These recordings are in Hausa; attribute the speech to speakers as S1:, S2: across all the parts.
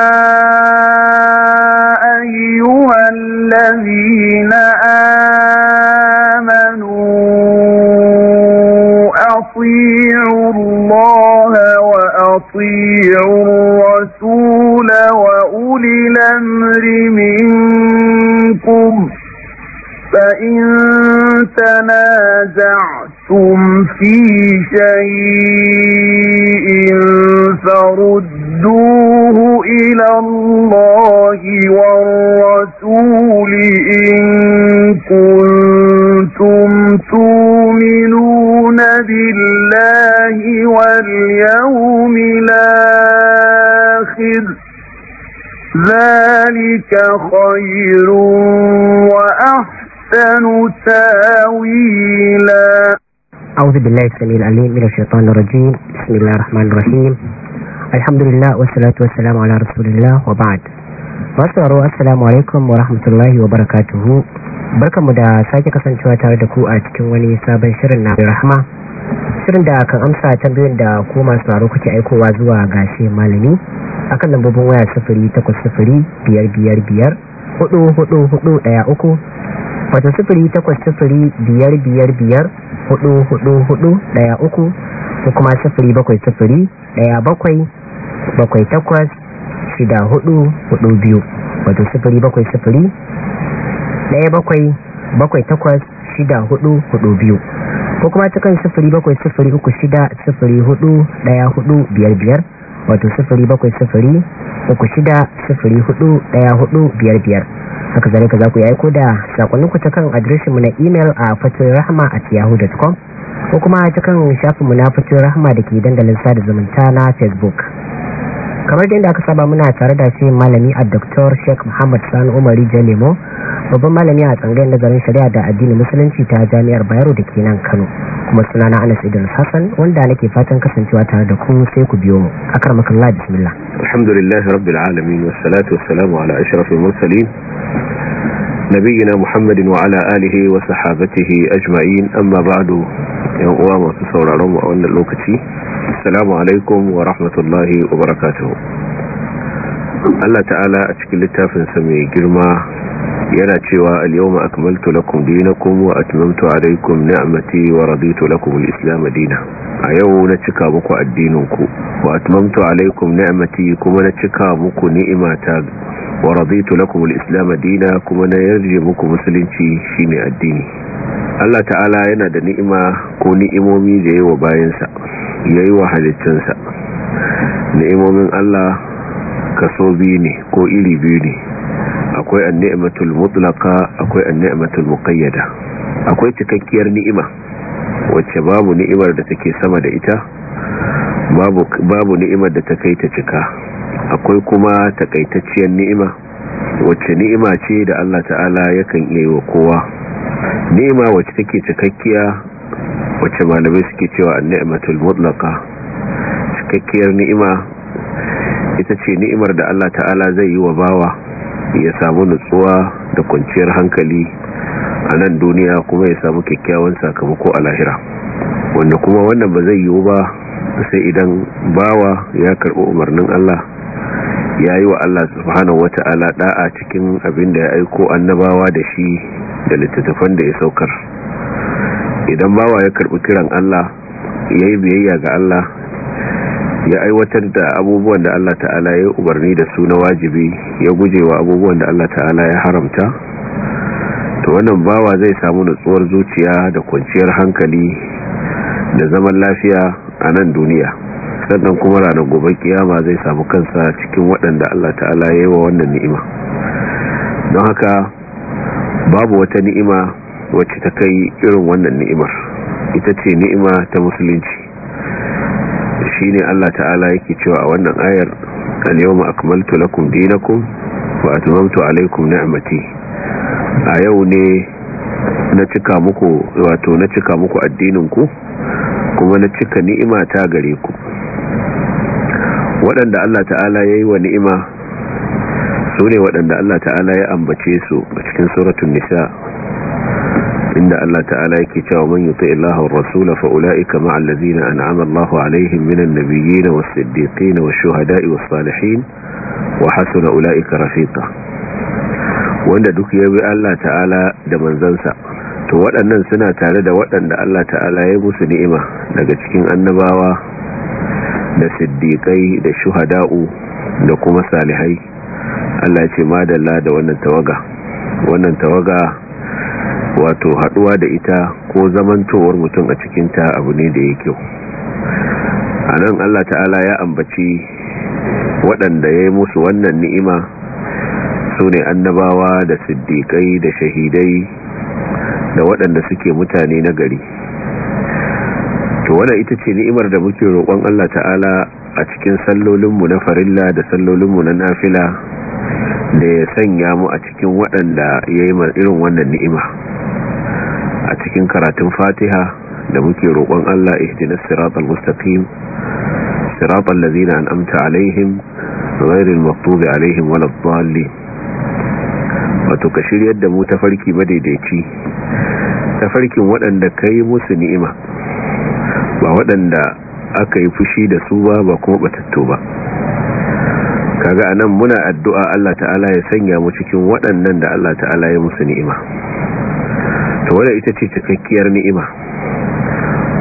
S1: Uh...
S2: بالله السميع العليم من الشيطان الرجيم بسم الله الرحمن الرحيم الحمد لله والصلاة والسلام على رسول الله assalamu alaikum wa rahmatullahi wa barakatuhu barkanmu da sake kasancewa tare da ku a cikin wani sabon shirin na rahama shirin da kan amsa tambayoyin da ku masu sauraro kuke aikowa zuwa gashe malami akan lambobin waya sifiri takwas sifiri biyar biyar biyar hudu uku wata sufuri takwas sufuri biyar biyar biyar hudu hudu hudu daya uku ko kuma sufuri bakwai sufuri daya bakwai bakwai takwas shida hudu hudu biyu wata sufuri bakwai sufuri daya bakwai bakwai takwas shida hudu hudu biyu ko kuma ta kan sufuri bakwai sufuri uku shida sufuri hudu daya hudu biyar biyar wato sufuri bakwai sufuri uku shida sufuri hudu daya hudu biyar biyar haka ka za ku yayi aiko da ku ta kan mu na imel a fatirrahma at yahoo.com ko kuma ta kan shafinmu na fatirrahma da ke dandalin sada zumunta na facebook kamar da aka saba muna tare da shi malami a Dr. Sheikh Muhammad Sani Umari Jalemo babban malami a tsangayar nazarin shari'a da addinin musulunci ta Jami'ar Bayero da ke nan Kano kuma sunana Anas Idris Hassan wanda nake fatan kasancewa tare da ku sai ku biyo mu akramakallah bismillah
S3: alhamdulillah rabbil alamin wa salamu ala ashrafil mursalin نبينا محمد وعلى آله وصحابته أجمعين أما بعد يوم أوام وتصور رمو أولنا lokaci. assalamu alaikum wa rahmatullahi wa barakatuhu Allah ta'ala a cikin littafinsa mai girma yana cewa al-yawma akmaltu lakum dinakum wa atmamtu alaykum ni'mati wa raditu lakum al-islam dina a yau na cika muku addininku wa atmamtu alaykum ni'mati kuma na cika muku ni'imata wa raditu lakum al-islam dina kuma na yarje muku musulunci shine addini Allah ta'ala yana da ni'ima ko ni'imomi da wa bayansa yayi wa halittunsa ni'imomin Allah kaso biyu ne ko iri biyu ne akwai an-ni'matul mutlaqa akwai an-ni'matul muqayyada akwai cikakkiyar ni'ima wacce babu ni'imar da take sama da ita babu babu ni'imar da ta kai ta cika akwai kuma takaitacciyar ni'ima wacce ni'ima ce da Allah ta'ala yakan iya yi wa kowa ni'ima wacce take cikakkiya wacce malamai suke cewa an-ni'matul mutlaka cikakkiyar ni'ima ita ce ni'imar da Allah ta'ala zai yi wa bawa ya samu nutsuwa da kwanciyar hankali a nan duniya kuma ya samu kyakkyawan sakamako a lahira wanda kuma wannan ba zai yiwu ba sai idan bawa ya karɓi umarnin Allah ya yi wa Allah subhanahu ta'ala da'a cikin abin da ya aiko annabawa da shi da littattafan da ya saukar idan bawa ya karbi kiran Allah ya yi biyayya ga Allah ya aiwatar da abubuwan da Allah ta'ala ya umarni da su na wajibi ya guje wa abubuwan da Allah ta'ala ya haramta to wannan bawa zai samu nutsuwar zuciya da kwanciyar hankali da zaman lafiya a nan duniya sannan kuma ranar gobe kiyama zai samu kansa cikin waɗanda Allah ta'ala ya yi wa wannan ni'ima don haka babu wata ni'ima wacce ta kai irin wannan ni'imar ita ce ni'ima ta musulunci shi ne Allah ta'ala yake cewa a wannan ayar al-yawma ma'akamaltu lakum dinakum wa tumamtu alaykum ni'mati a yau ne na cika muku wato na cika muku addinin kuma na cika ni'ima ta gare ku waɗanda Allah ta'ala ya yi wa ni'ima su ne waɗanda Allah ta'ala ya ambace su a cikin suratun nisa inda Allah ta'ala yake cewa man yuti Allahu rasula fa ulaika ma'al ladzina an'ama Allahu alaihim minan nabiyyin was-siddiqin wash-shuhada'i was-salihin wa hasuna ulaika rafiqa wanda duk ya bi Allah ta'ala da manzansa to waɗannan suna tare da waɗanda Allah ta'ala ya musu ni'ima daga cikin annabawa da siddiƙai da shuhada'u da kuma salihai Allah ce madalla da wannan tawaga wannan tawaga wato haɗuwa da ita ko zamantowar mutum a cikin ta abu ne da ya kyau a nan Allah ta'ala ya ambaci waɗanda ya yi musu wannan ni'ima su ne annabawa da siddiƙai da shahidai da waɗanda suke mutane na gari to wannan ita ce ni'imar da muke roƙon Allah ta'ala a cikin sallolinmu na farilla da sallolinmu na nafila da ya sanya mu a cikin waɗanda ya yi irin wannan ni'ima a cikin karatun fatiha da muke roƙon Allah ihdinas siratal mustaqim siratal ladzina an'amta alaihim ghairil maghdubi alaihim waladdallin wato ka shiryar da mu tafarki madaidaici tafarkin waɗanda kai musu ni'ima ba waɗanda aka yi fushi da su ba ba kuma batattu ba kaga anan muna addu'a Allah ta'ala ya sanya mu cikin waɗannan da Allah ta'ala ya musu ni'ima to wanda ita ce cikakkiyar ni'ima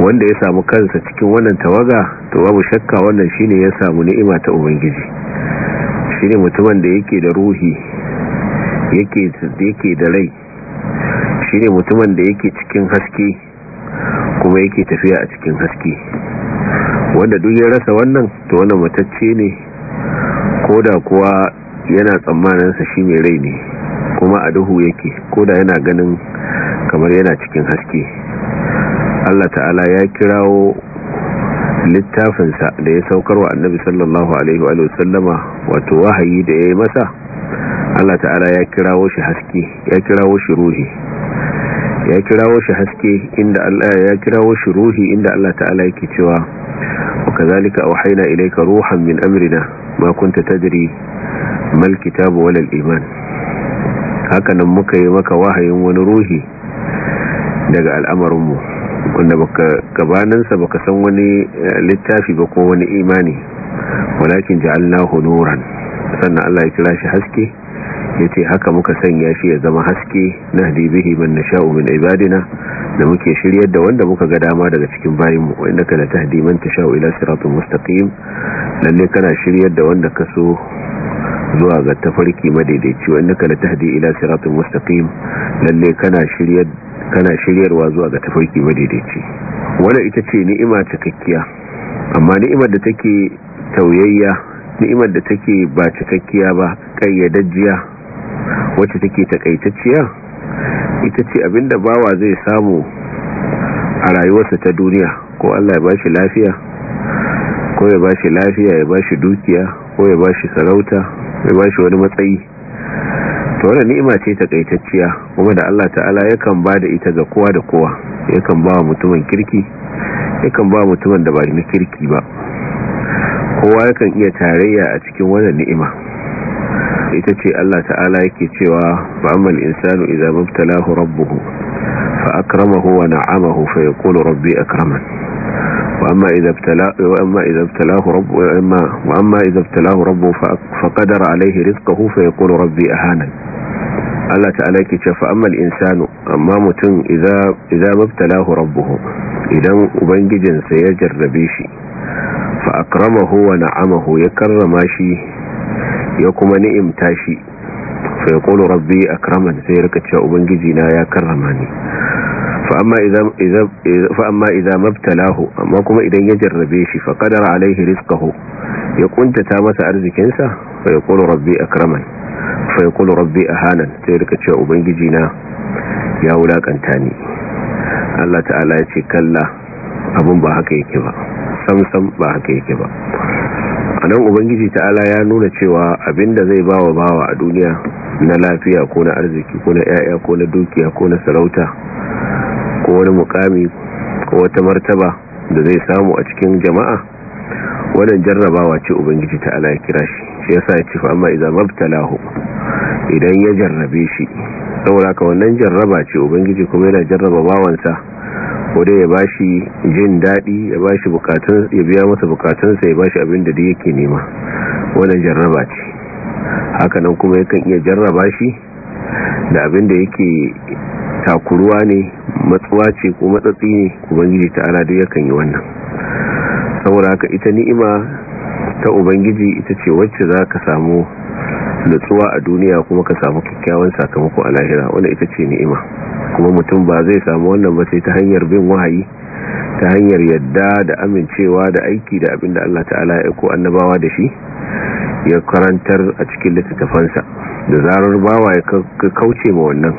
S3: wanda ya samu kansa cikin wannan tawaga to babu shakka wannan shine ya samu ni'ima ta ubangiji shine mutumin da yake da ruhi yake da yake da rai shine mutumin da yake cikin haske kuma yake tafiya a cikin haske wanda duk ya rasa wannan to wannan matacce ne ko da kuwa yana sa shi mai rai ne kuma a duhu yake ko da yana ganin kamar yana cikin haske Allah ta'ala ya kirawo littafinsa da ya saukar wa annabi sallallahu alaihi wa sallama wato wahayi da ya yi masa Allah ta'ala ya kirawo shi haske ya kirawo shi ruhi ya kirawo shi haske inda Allah ya kirawo shi ruhi inda Allah ta'ala yake cewa wa kazalika auhayna ilayka ruhan min amrina ma kunta tadri mal kitabu wal iman haka nan muka yi maka wahayin wani ruhi daga al'amarin mu wanda baka sa baka san wani eh, littafi ba ko wani imani walakin ja'alnahu nuran sannan Allah ya kira shi haske yace haka muka sanya shi ya zama haske na bihi man nasha'u min ibadina da muke shiryar da wanda muka ga dama daga cikin bayinmu wa innaka la tahdi man tasha'u ila siratin mustaqim lalle kana shiryar da wanda ka so zuwa ga tafarki madaidaici wa innaka la tahdi ila siratin mustaqim lalle kana shiryar kana shiryarwa zuwa ga tafarki madaidaici wannan ita ce ni'ima cikakkiya amma ni'imar da take tauyayya ni'imar da take ba cikakkiya ba kayyadajjiya wacce take takaitacciya ita ce abinda bawa zai samu a rayuwarsa ta duniya ko Allah ya bashi lafiya ko ya bashi lafiya ya bashi dukiya ko ya bashi sarauta ya bashi wani matsayi to wannan ni'ima ce takaitacciya kuma da Allah ta'ala yakan ba da ita ga kowa da kowa yakan ba mutumin kirki yakan ba mutumin da ba na kirki ba kowa yakan iya tarayya a cikin wannan ni'ima ita ce Allah ta'ala yake cewa fa'amal insanu idza mubtalahu rabbuhu fa akramahu wa na'amahu fa yaqulu rabbi akraman wa amma idza ibtalahu wa amma idza ibtalahu rabbuhu wa amma wa amma idza ibtalahu rabbuhu fa qadara alayhi rizquhu fa yaqulu rabbi ahanan Allah ta'ala yake cewa fa'amal insanu amma mutun idza idza mubtalahu rabbuhu idan ubangijinsa ya jarrabe shi fa akramahu wa na'amahu ya karrama shi ya kuma ni'imta shi fa yaqulu rabbi akraman sai rika cewa ubangiji na ya karrama ni fa amma idza mabtalahu amma kuma idan ya jarrabe shi fa qadara alaihi rizqahu ya kuntata masa arzikinsa fa yaqulu rabbi akraman fa yaqulu rabbi ahanan sai rika cewa ubangiji na ya wulakanta ni Allah ta'ala ya ce kalla abun ba haka yake ba sam sam ba haka yake ba anan ubangiji ta'ala ya nuna cewa abin da zai bawa bawa a duniya na lafiya ko na arziki ko na yaya ko na dukiya ko na sarauta ko wani mukami ko wata martaba da zai samu a cikin jama'a wannan jarrabawa ce ubangiji ta'ala ya kira shi shi yasa ya ce fa amma idan mabtalahu idan ya jarrabe shi saboda ka wannan jarraba ce ubangiji kuma yana jarraba bawansa ko dai ya bashi jin daɗi ya shi bukatun ya biya masa bukatunsa ya bashi abin da yake nema wannan jarraba ce hakanan kuma yakan iya jarraba shi da abin da yake takuruwa ne matsuwa ce ko matsatsi ne ubangiji ta ala duk yakan yi wannan saboda haka ita ni'ima ta ubangiji ita ce wacce za ka samu nutsuwa a duniya kuma ka samu kyakkyawan sakamako a lahira wanda ita ce ni'ima kuma mutum ba zai samu wannan ba sai ta hanyar bin wahayi ta hanyar yadda da amincewa da aiki da abin da Allah ta'ala ya ko annabawa da shi ya karantar a cikin littattafansa da zarar bawa ya kauce ma wannan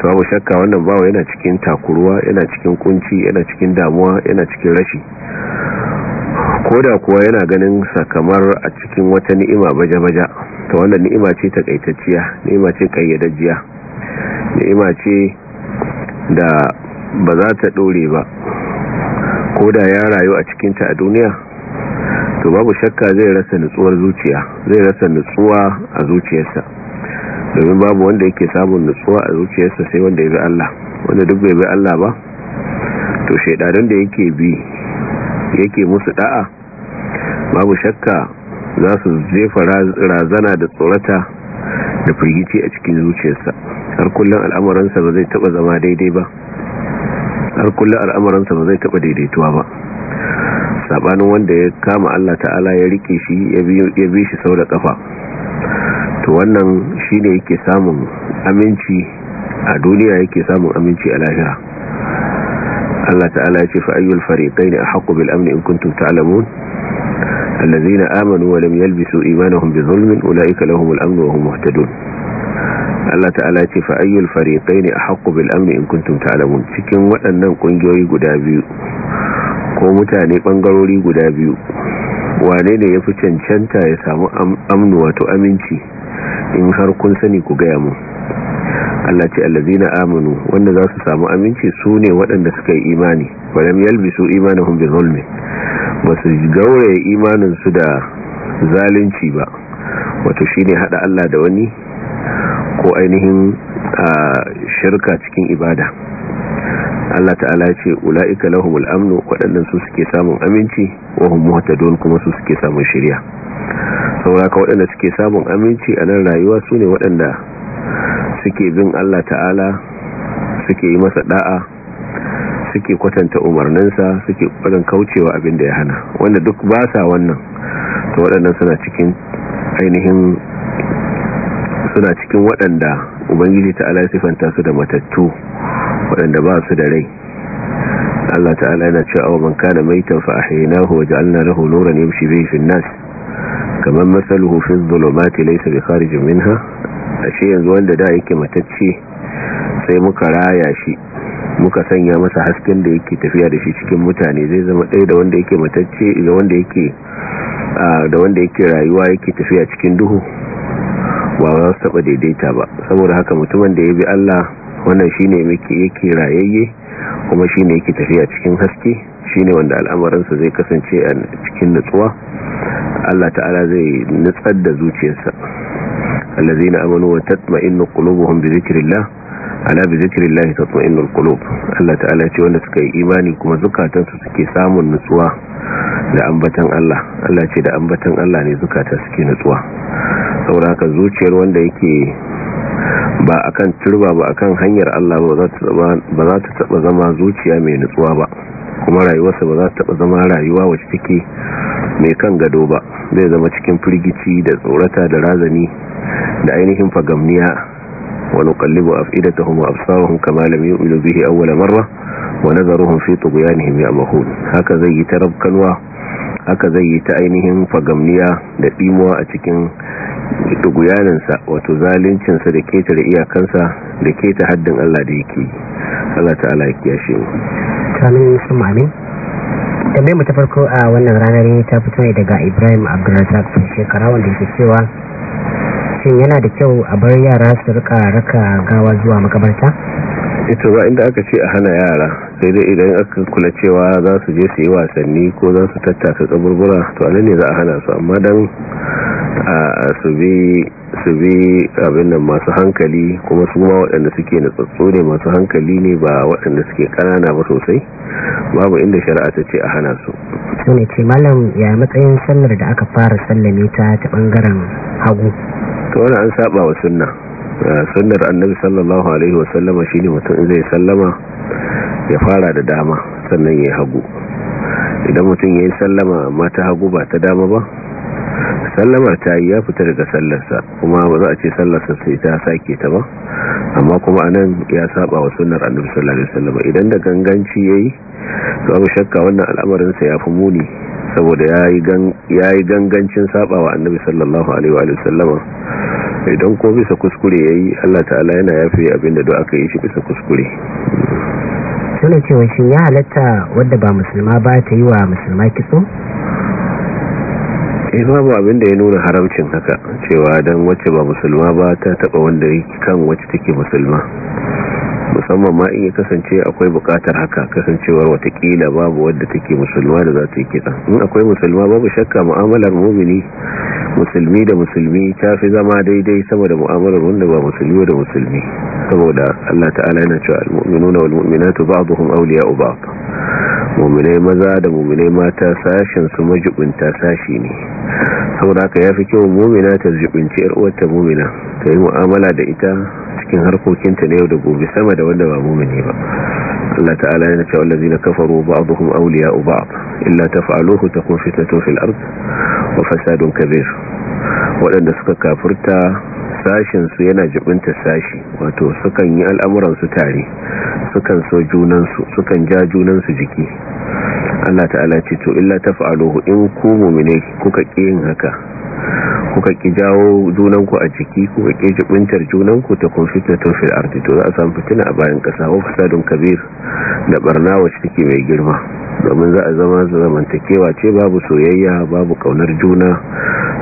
S3: babu shakka wannan bawa yana cikin takuruwa yana cikin kunci yana cikin damuwa yana cikin rashi ko da kuwa yana ganin sakamar a cikin wata ni'ima baja-baja ta wannan ni'ima ce takaitacciya ni'ima ce kayyadajjiya ni'ima ce da ba za ta dore ba ko da ya rayu a cikinta a duniya to babu shakka zai rasa nutsuwar zuciya zai rasa nutsuwa a zuciyarsa domin babu wanda yake samun nutsuwa a zuciyarsa sai wanda ya bi Allah wanda duk bai bi Allah ba to shaidadan da yake bi yake musu da'a babu shakka za su jefa razana da tsorata da firgici a cikin zuciyarsa har kullum al'amuransa ba zai taba zama daidai ba har kullum al'amuransa ba zai taba daidaituwa ba sabanin wanda ya kama Allah ta'ala ya rike shi ya bi shi sau da kafa to wannan shine yake samun aminci a duniya yake samun aminci a lahira Allah ta'ala ya ce fa ayyul fariqaini ahqqu bil amni in kuntum ta'lamun allazina amanu wa lam yalbisu imanahum bi zulmin ulaika lahumul amnu wa muhtadun Allah ta'ala ce fa ayyul fariqaini ahqqu bil amni in kuntum ta'lamun cikin waɗannan kungiyoyi guda biyu ko mutane bangarori guda biyu wane ne yafi cancanta ya samu amnu wato aminci in har kun sani ku ga mu Allah ce allazina amanu wanda za su samu aminci su ne waɗanda suka yi imani walam yalbisu imanuhum bi zulmi ba su gauraye imanin su da zalunci ba wato shine haɗa Allah da wani ko ainihin shirka cikin ibada Allah ta'ala ce ula'ika lahumul amnu waɗannan su suke samun aminci wa hum muhtadun kuma su suke samun shirya. saboda ka waɗanda suke samun aminci a nan rayuwa su ne waɗanda suke bin Allah ta'ala suke yi masa da'a suke kwatanta umarninsa suke kwadan kaucewa abin da ya hana wanda duk ba sa wannan to waɗannan suna cikin ainihin suna cikin waɗanda ubangiji ta'ala ya sifanta su da matattu waɗanda ba su da rai Allah ta'ala yana cewa man kana maitan fa ahyaynahu wa ja'alna lahu nuran yamshi bihi fi an-nas kaman masaluhu fi adh-dhulumati laysa bi kharijin minha ashe yanzu wanda da yake matacce sai muka raya shi muka sanya masa hasken da yake tafiya da shi cikin mutane zai zama ɗaya da wanda yake matacce da wanda yake rayuwa yake tafiya cikin duhu ba za su taɓa daidaita ba saboda haka mutumin da ya bi Allah wannan shine yake rayayye kuma shine yake tafiya cikin haske shine wanda al'amuransa zai kasance a cikin nutsuwa Allah ta'ala zai nutsar da zuciyarsa allazina amanu wa tatma'innu qulubuhum bi dhikrillah ala bi dhikrillah tatma'innul qulub Allah ta'ala ce wanda suka yi imani kuma zukatansu suke samun nutsuwa da ambatan Allah Allah ce da ambatan Allah ne zukata suke nutsuwa saboda haka zuciyar wanda yake ba akan turba ba akan hanyar Allah ba za ta taba zama zuciya mai nutsuwa ba kuma rayuwarsa ba za ta taba zama rayuwa wacce take mai kan gado ba zai zama cikin firgici da tsorata da razani da ainihin fagamniya wani kallibu a fi idata a absawahun kamalin yi ulo bihi awwala marra wa nazaruhun fi tuguyanihim ya mahun haka zai yi ta rabkalwa haka zai yi ta ainihin fagamniya da ɗimuwa a cikin tuguyaninsa wato zalincinsa da keta da iyakansa da keta haddin Allah da yake Allah ta'ala ya kiyashe mu
S2: kanin samamin tambayar mu ta farko a wannan ranar ta fito ne daga ibrahim abdulrazak sun shekara wanda ke cewa shin yana da kyau a bar yara su rika raka gawa zuwa makabarta
S3: ita ba inda aka ce a hana yara sai dai idan aka kula cewa za su je su yi wasanni ko za su tattaka kaburbura to anan ne za a hana su amma dan su bi abin masu hankali kuma su ma waɗanda suke na tsatso ne masu hankali ne ba waɗanda suke ƙanana ba sosai babu inda shari'a ta ce a hana su
S2: su ne ce malam ya matsayin sallar da aka fara sallame ta ta ɓangaren hagu
S3: to wani an saba wa sunna sunnar annabi sallallahu alaihi wasallama ne mutum zai sallama ya fara da dama sannan ya hagu idan mutum ya yi sallama mata hagu ba ta dama ba sallama ta yi ya fita daga sallarsa kuma ba za a ce sallarsa sai ta sake ta ba amma kuma anan ya saba wa sunnar annabi sallallahu alaihi wasallam idan da ganganci yayi to abu shakka wannan al'amarin sa yafi muni saboda yayi gan yayi gangancin saba wa annabi sallallahu alaihi wa sallama idan ko bisa kuskure yayi Allah ta'ala yana yafe abinda duk aka yi shi bisa kuskure
S2: tana cewa shin ya halatta wadda ba musulma ba ta yi wa musulma kitso
S3: eh babu abinda ya nuna haramcin haka cewa dan wacce ba musulma ba ta taba wanda kan wacce take musulma musamman ma in ya kasance akwai bukatar haka kasancewar watakila babu wadda take musulma da za ta yi kiɗa in akwai musulma babu shakka mu'amalar mumini musulmi da musulmi ta fi zama daidai sama da mu'amalar wanda ba musulmi da musulmi saboda Allah ta'ala yana cewa al-mu'minuna wal mu'minatu ba'dhum awliya'u ba'd mu'minai maza da mu'minai mata sashin su majibinta sashi ne saboda haka fi kyau mu'mina ta jibinci yar ta mu'mina ta yi mu'amala da ita cikin harkokinta na yau da gobe sama da wanda ba mumini ba Allah ta'ala yana cewa allazina kafaru ba'dhum awliya'u ba'd illa taf'aluhu takun fitnatun fil ard wa fasadun kabir waɗanda suka kafurta sashin su yana jibinta sashi wato sukan yi al'amuran su tare sukan so junan su sukan ja junan su jiki Allah ta'ala ce to illa taf'aluhu in ku mu'mine kuka kiyin haka kuka ki jawo junanku a ciki kuka ki jibintar junanku ta kun ta fil ardi to za a samu fitina a bayan kasa ko fasadun kabir da barna wacce take mai girma domin za a zama zamantakewa ce babu soyayya babu kaunar juna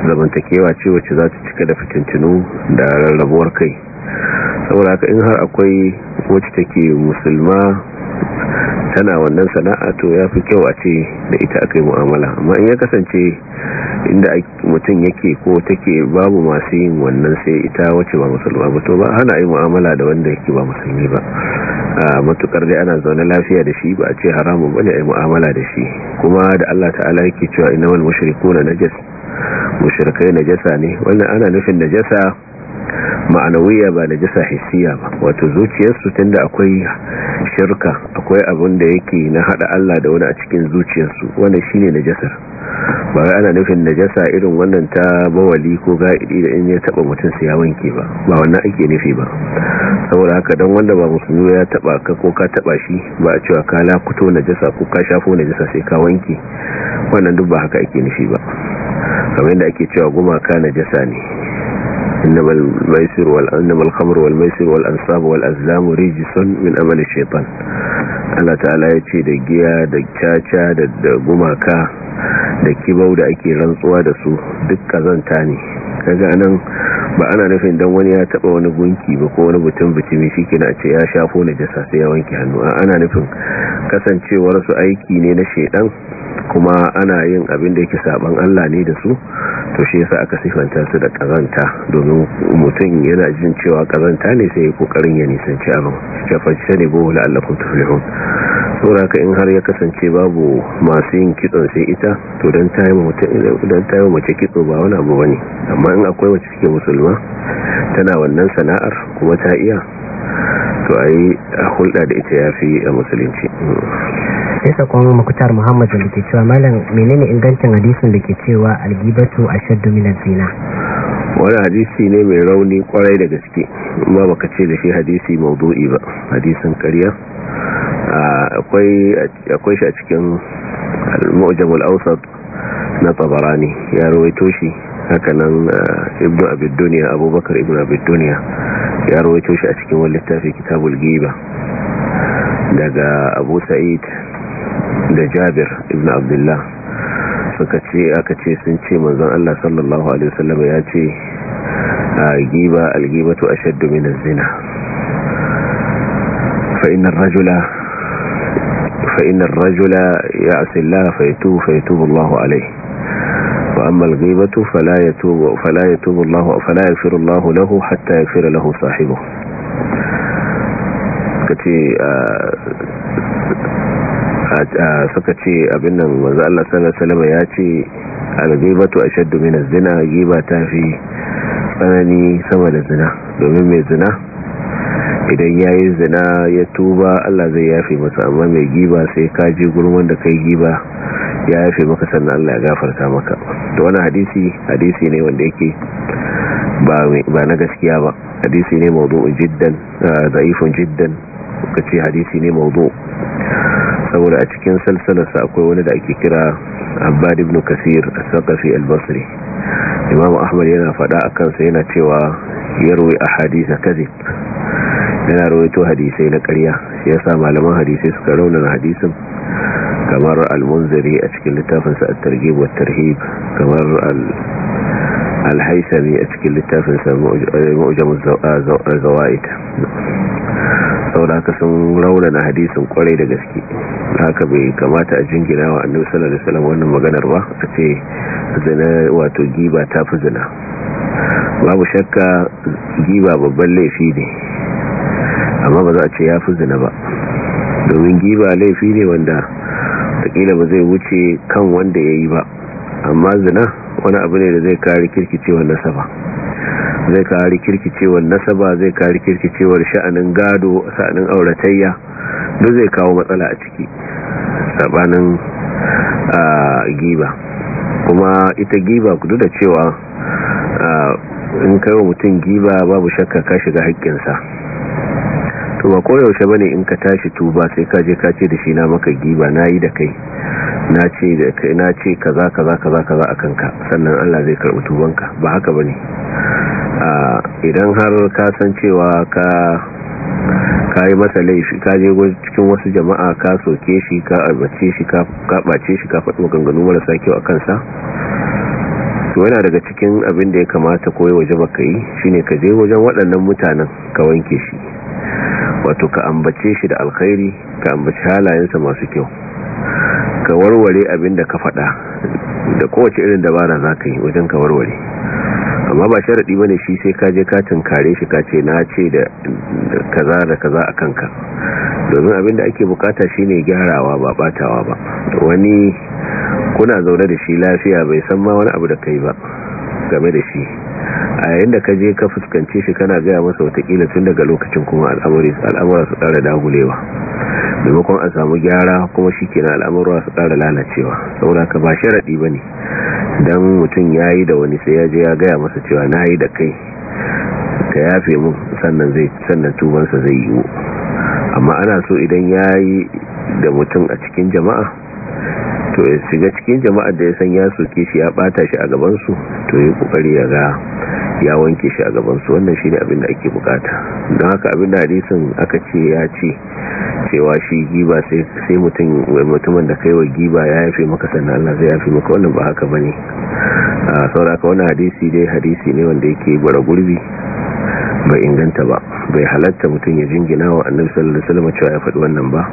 S3: zamantakewa ce wacce za ta cika da fitintinu da rarrabuwar kai saboda haka in har akwai wacce take musulma tana wannan sana'a to ya fi kyau a ce da ita aka yi mu'amala amma in ya kasance inda mutum yake ko take babu masu yin wannan sai ita wace ba musulma ba to ba hana yi mu'amala da wanda yake ba musulmi ba a matukar dai ana zaune lafiya da shi ba a ce haramun bane a yi mu'amala da shi kuma da Allah ta'ala yake cewa mushriku mushrikuna najas mushrikai najasa ne wannan ana nufin najasa ma'anawiya ba na jisa hissiya ba wato zuciyarsu tunda akwai shirka akwai abin da yake na hada Allah da wani a cikin zuciyarsu wanda shine najasar ba wai ana nufin najasa irin wannan ta bawali ko ga'idi da in ya taba mutum su ya wanke ba ba wannan ake nufi ba saboda haka don wanda ba musulmi ya taba ka ko ka taba shi ba a cewa ka lakuto najasa ko ka shafo najasa sai ka wanke wannan duk ba haka ake nufi ba kamar yadda ake cewa gumaka najasa ne إنما الميسر وإنما الخمر والميسر والأنصاب والأزلام رجس من أمل الشيطان Allah ta'ala ya ce da giya da caca da dagumaka da kibau da ake rantsuwa da su duk kazanta ne kaga anan ba ana nufin dan wani ya taba wani gunki ba ko wani mutum butumi shike na ce ya shafo ne da sai ya wanke hannu ana nufin kasancewar su aiki ne na shedan kuma ana yin abin da yake saban Allah ne da su to shi yasa aka sifanta su da kazanta domin mutum yana jin cewa kazanta ne sai ya kokarin ya nisanci abin shafanci ne bo la'allakum tuflihun saboda ka in har ya kasance babu masu yin kitson sai ita to dan tayi mutum dan tayi mace kitso ba wani abu bane amma in akwai mace take musulma tana wannan sana'ar kuma ta iya to ai hulɗa da ita yafi a musulunci
S2: farfesa kuma makutar muhammad da ke cewa malam menene ingancin hadisin da ke cewa algibatu ashaddu min zina
S3: wani hadisi ne mai rauni kwarai da gaske amma baka ce da shi hadisi maudu'i ba hadisin karya akwai shi a cikin al-mu'jam al na tabarani ya rawaito shi hakanan ibnu abid duniya abubakar ibnu abid duniya ya rawaito shi a cikin wani littafi kitabul giba daga abu sa'id da jabir ibn abdullah suka ce aka ce sun ce manzon Allah sallallahu alaihi wasallam ya ce giba algibatu ashaddu min az-zina fa inna ar-rajula fa inna ar-rajula ya'si Allah fa yatubu fa yatubu Allah alayhi wa amma al-ghibatu fala yatubu fala yatubu Allah fala yaghfiru Allah lahu hatta yaghfira lahu sahibuhu kace suka ce abin nan Allah sallallahu alaihi wasallam ya ce al-ghibatu ashaddu min az-zina giba ta fi tsanani sama da zina domin mai zina idan yayi zina ya tuba Allah zai yafe masa amma mai giba sai ka je gurin da kai giba ya yafe maka sannan Allah ya gafarta maka to wannan hadisi hadisi ne wanda yake ba na gaskiya ba hadisi ne mawdu'un jiddan da'ifun jiddan kace hadisi ne mawdu' saboda a cikin salsalarsa akwai wani da ake kira abbad ibn kasir as Albasri. al imam ahmad yana fada a kansa yana cewa yarwi ahadith kadhib yana rawaito hadisai na ƙarya shi yasa malaman hadisai suka raunana hadisin kamar al a cikin littafinsa at-targhib wa tarhib kamar al-haisami a cikin littafinsa mu'jamuz zawaid sun raunana hadisin kwarai da gaske haka bai kamata a jingina wa annabi sallallahu alaihi wasallam wannan maganar ba a ce zina wato giba ta fi zina babu shakka giba babban laifi ne amma ba za a ce ya fi zina ba domin giba laifi ne wanda takila ba zai wuce kan wanda ya yi ba amma zina wani abu ne da zai kari kirkicewar nasaba zai kari kirkicewar nasaba zai kari kirkicewar sha'anin gado sha'anin auratayya duk zai kawo matsala a ciki sabanin giba kuma ita giba kudu da cewa in kai wa mutum giba babu shakka ka shiga haƙƙinsa to ba koyaushe bane in ka tashi tuba sai ka je ka ce da shi na maka giba na yi da kai na ce da kai na ce kaza kaza kaza kaza a ka sannan Allah zai karɓi tubanka ba haka bane a idan har ka san cewa ka ka yi masa laifi ka je cikin wasu jama'a ka soke shi ka albace shi ka ɓace shi ka faɗi maganganu marasa kyau a kansa to yana daga cikin abin da ya kamata koyi waje baka yi shine ka je wajen waɗannan mutanen ka wanke shi wato ka ambace shi da alkhairi ka ambace halayensa masu kyau ka warware abin da ka faɗa da kowace irin dabara za ka yi wajen ka warware amma ba sharadi bane shi sai ka je ka tunkare shi ka ce na ce da kaza da kaza a kanka domin abinda ake bukata shine gyarawa ba batawa ba wani kuna zaune da shi lafiya bai san ma wani abu da kai ba game da shi a yayin da ka je ka fuskanci shi kana gaya masa watakila tun daga lokacin kuma al'amura su tsara dagulewa maimakon a samu gyara kuma shi ke na al'amura su tsara lalacewa saboda ka ba raɗi ba ne don mutum ya yi da wani sai ya je ya gaya masa cewa na yi da kai ka yafe mu sannan tubansa zai yiwu amma ana so idan ya yi da mutum a cikin jama'a to ya shiga cikin jama'a da ya san ya soke shi ya bata shi a gaban su to ya kokari ya ga ya wanke shi a gaban su wannan shine abin da ake bukata don haka abin da hadisin aka ce ya ce cewa shi giba sai sai mutum wai mutumin da kaiwa giba ya yafe maka sannan Allah zai yafe maka wannan ba haka bane a sauraka wannan hadisi dai hadisi ne wanda yake bara gurbi bai inganta ba bai halatta mutum ya jingina wa annabi sallallahu alaihi wasallam cewa ya faɗi wannan ba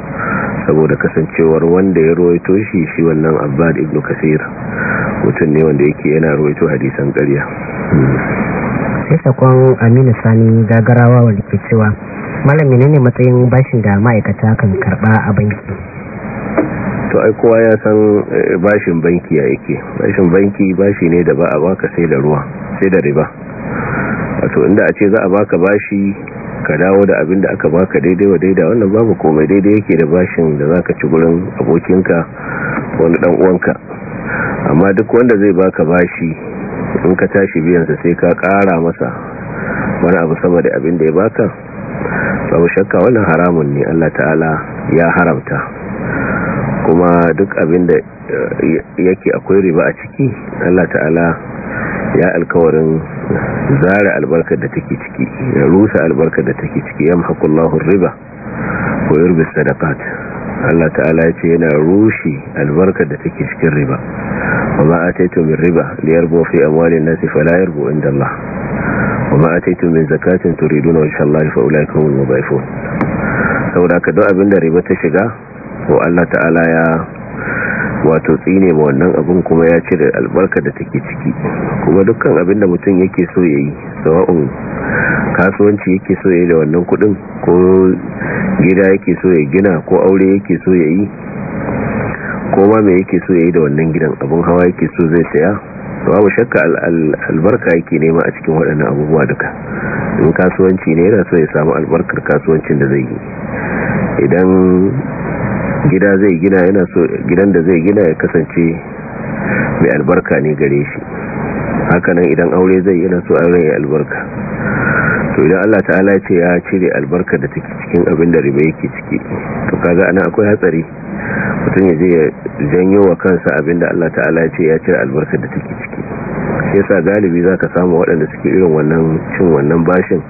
S3: saboda kasancewar wanda ya roito shi shi wannan abbad ibn kasir mutum ne wanda yake yana roito hadisan ƙarya
S2: sai sakon aminu sani gagarawa wa ke cewa malami ne matsayin bashin da ma'aikata kan karba a banki
S3: to ai kowa ya san eh, bashin banki ya yake bashin banki bashi ne da ba a baka sai da ruwa sai da riba wato inda a ce za a baka bashi ka dawo da abin da aka baka daidai wa daidai wannan babu komai daidai yake da bashin da za ka ci gurin abokinka wani dan uwanka amma duk wanda zai baka bashi in ka tashi biyan sa sai ka kara masa wani abu sama da abin da ya baka babu shakka wannan haramun ne Allah ta'ala ya haramta kuma duk abin da eh, yake akwai riba a ciki Allah ta'ala ya alkawarin zara albarkar da take ciki ya rusa albarkar da take ciki ya mahakullahu riba ko yurbis sadaqat Allah ta'ala ya ce yana rushe albarkar da take cikin riba fi آتيتم من ربا ليربو في أموال الناس فلا يربو عند الله وما آتيتم من زكاة تريدون وجه الله فأولئك هم المضعفون saboda ka duk abin da riba ta shiga ko Allah ta'ala ya wato tsine ma wannan abin kuma ya cire albarka da take ciki kuma dukkan abin da mutum yake so ya yi sawa'un kasuwanci yake so ya yi da wannan kudin ko gida yake so ya gina ko aure yake so ya yi ko ma mai yake so ya yi da wannan gidan abin hawa yake so zai saya ba shakka albarka yake nema a cikin waɗannan abubuwa duka in kasuwanci ne yana so ya samu albarkar kasuwancin da zai yi idan gida zai gina yana so gidan da zai gina ya kasance mai albarka ne gare shi hakanan idan aure zai yana so aure ya albarka to idan Allah ta'ala ce ya cire albarka da take cikin abin da riba yake ciki to kaga ana akwai hatsari mutum ya je ya janyo wa kansa abin da Allah ta'ala ce ya cire albarka da take ciki yasa galibi zaka samu waɗanda suke irin wannan cin wannan bashin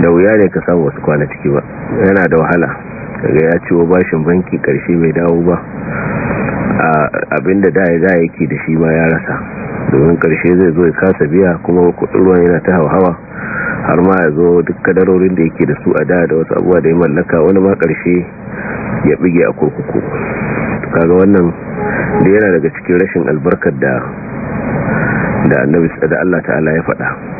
S3: da wuya ne ka samu wasu kwana ciki ba yana da wahala daga ya ciwo bashin banki karshe bai dawo ba abinda da ya za yake da shi ma ya rasa domin karshe zai zo ya kasa biya kuma kudin ruwan yana ta hawa har ma ya zo duk kadarorin da yake da su a da da wasu abuwa da ya mallaka wani ma karshe ya bige a kurkuku kaga wannan da yana daga cikin rashin albarkar da da annabi da Allah ta'ala ya faɗa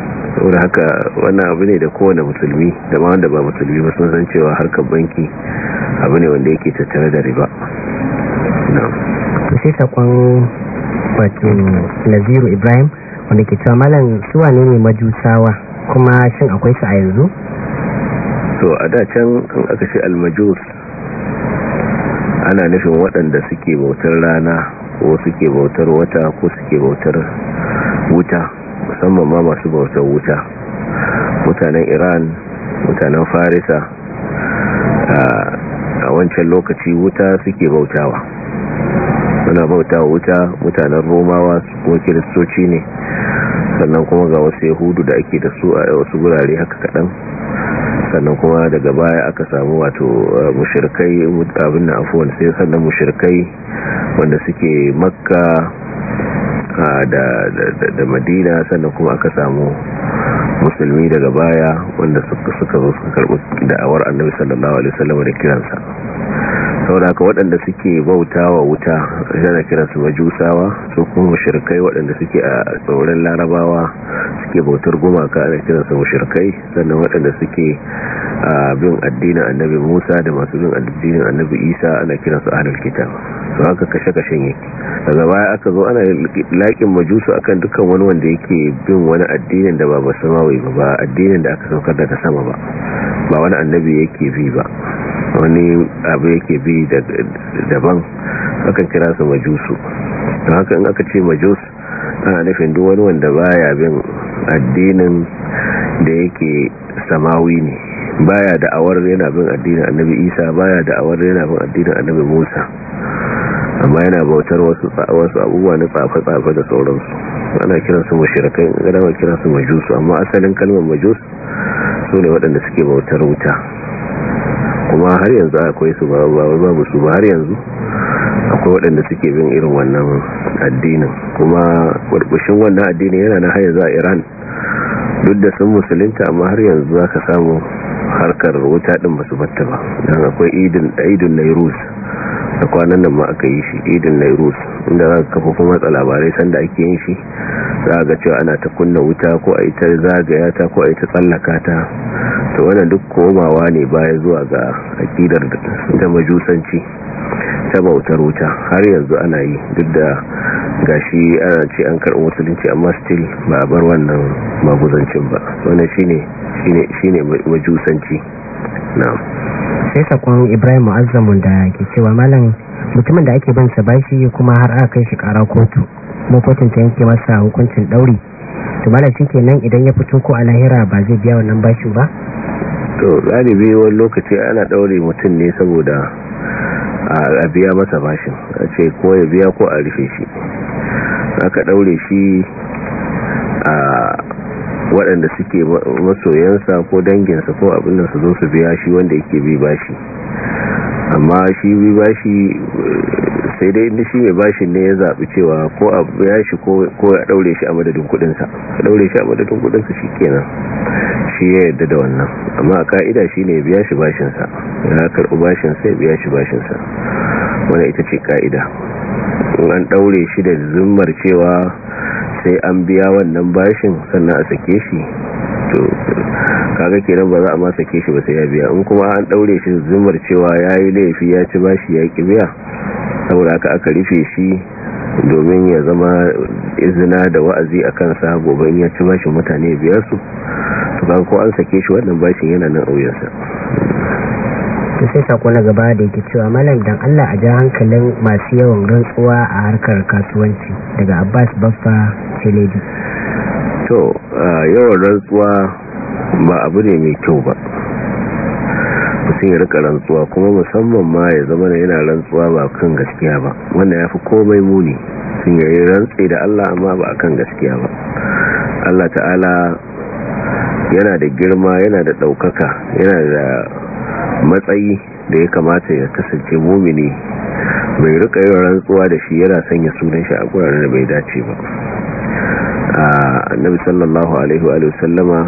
S3: saboda haka wannan abu ne da kowane musulmi da ma wanda ba musulmi ba sun san cewa harkar banki abu ne wanda yake tattare da riba to ta sakon
S2: wato naziru ibrahim wanda ke cewa malam suwa ne ne majusawa kuma shin akwai su a yanzu
S3: to a da can aka ce almajus ana nufin waɗanda suke bautar rana ko suke bautar wata ko suke bautar wuta musamman ma masu bautar wuta mutanen iran mutanen farisa a wancan lokaci wuta suke bautawa suna bautawa wuta mutanen romawa kuma kiristoci ne sannan kuma ga wasu yahudu da ake da su a wasu gurare haka kaɗan sannan kuma daga baya aka samu wato mushirkai abin na afuwan sai sannan mushirkai wanda suke makka da madina sannan kuma aka samu musulmi daga baya wanda suka zo suka karɓi da'awar annabi sallallahu alaihi wasallam da kiransa sauraka waɗanda suke bauta wa wuta yana kira su majusawa su kuma mushrikai waɗanda suke a tsoron larabawa suke bautar gumaka ana kira su mushrikai sannan waɗanda suke a bin addinin annabi Musa da masu bin addinin annabi Isa ana kira su ahlul kitab su haka kashe-kashen yake daga baya aka zo ana laƙin majusu akan dukkan wani wanda yake bin wani addinin da ba ba samawai ba ba addinin da aka saukar daga sama ba ba wani annabi yake bi ba wani abu yake bi daban akan kira su majusu don haka in aka ce majus ana nufin duk wani wanda baya bin addinin da yake samawi ne baya da awar yana bin addinin annabi isa baya da awar yana bin addinin annabi musa amma yana bautar wasu abubuwa na tsafe-tsafe da sauransu ana kiransu mashirakai ma kiransu majusu amma asalin kalmar majus su ne waɗanda suke bautar wuta kuma har yanzu akwai su ba ba su ba har yanzu akwai waɗanda suke bin irin wannan addinin kuma ƙwarƙushin wannan addinin yana na haya a iran duk da sun musulunta amma har yanzu za ka samu harkar wuta ɗin ba su batta ba don akwai idin nairus a kwanan nan ma aka yi shi idin nairus inda za ka kafa kuma labarai sanda ake yin shi za a ga cewa ana ta kunna wuta ko a ita zagaya ta ko a ita tsallaka ta to wannan duk komawa ne baya zuwa ga akidar da majusanci ta bautar wuta har yanzu ana yi duk da gashi ana ce an karɓi musulunci amma still ba a bar wannan maguzancin ba wannan shine shine majusanci na.
S2: sai sakon ibrahim mu'azzamun da ke cewa malam mutumin da ake bin sa bashi kuma har aka kai shi kara kotu mu kotun ta yanke masa hukuncin dauri to malam shi kenan idan ya fito ko a lahira ba zai biya wannan bashi ba
S3: to bai wani lokaci ana daure mutum ne saboda a biya masa bashin a ce ko ya biya ko a rufe shi aka daure shi a waɗanda suke masoyansa ko danginsa ko abin da su zo su biya shi wanda yake bi bashi amma shi bi bashi sai dai inda shi mai bashin ne ya zaɓi cewa ko a biya shi ko ya ɗaure shi a madadin kuɗinsa a ɗaure shi a madadin kuɗinsa shi kenan shi ya yarda da wannan amma a ka'ida shi ne biya shi bashinsa ya karɓi bashinsa ya biya shi bashinsa wani ita ce ka'ida an ɗaure shi da zummar cewa sai an biya wannan bashin sannan a sake shi to kaga kenan ba za a ma sake shi ba sai ya biya in kuma an ɗaure shi zumar cewa yayi laifi ya ci bashi ya ki biya saboda aka aka rufe shi domin ya zama izina da wa'azi a kansa goben ya ci bashin mutane biyar su to ko an sake shi wannan bashin yana nan auyensa
S2: to sai sako na gaba da yake cewa malam dan Allah a ji hankalin masu yawan rantsuwa a harkar kasuwanci daga Abbas Baffa Celedi
S3: to yawan rantsuwa ba abu ne mai kyau ba sun yi rika rantsuwa kuma musamman ma ya zama da yana rantsuwa ba kan gaskiya ba wanda ya fi komai muni sun yi rantsi da Allah amma ba a kan gaskiya ba Allah ta'ala yana da girma yana da ɗaukaka yana da matsayi da ya kamata ya kasance mumini bai rika yin rantsuwa da shi yana sanya sunan shi a guraren da bai dace ba annabi sallallahu alaihi wa sallama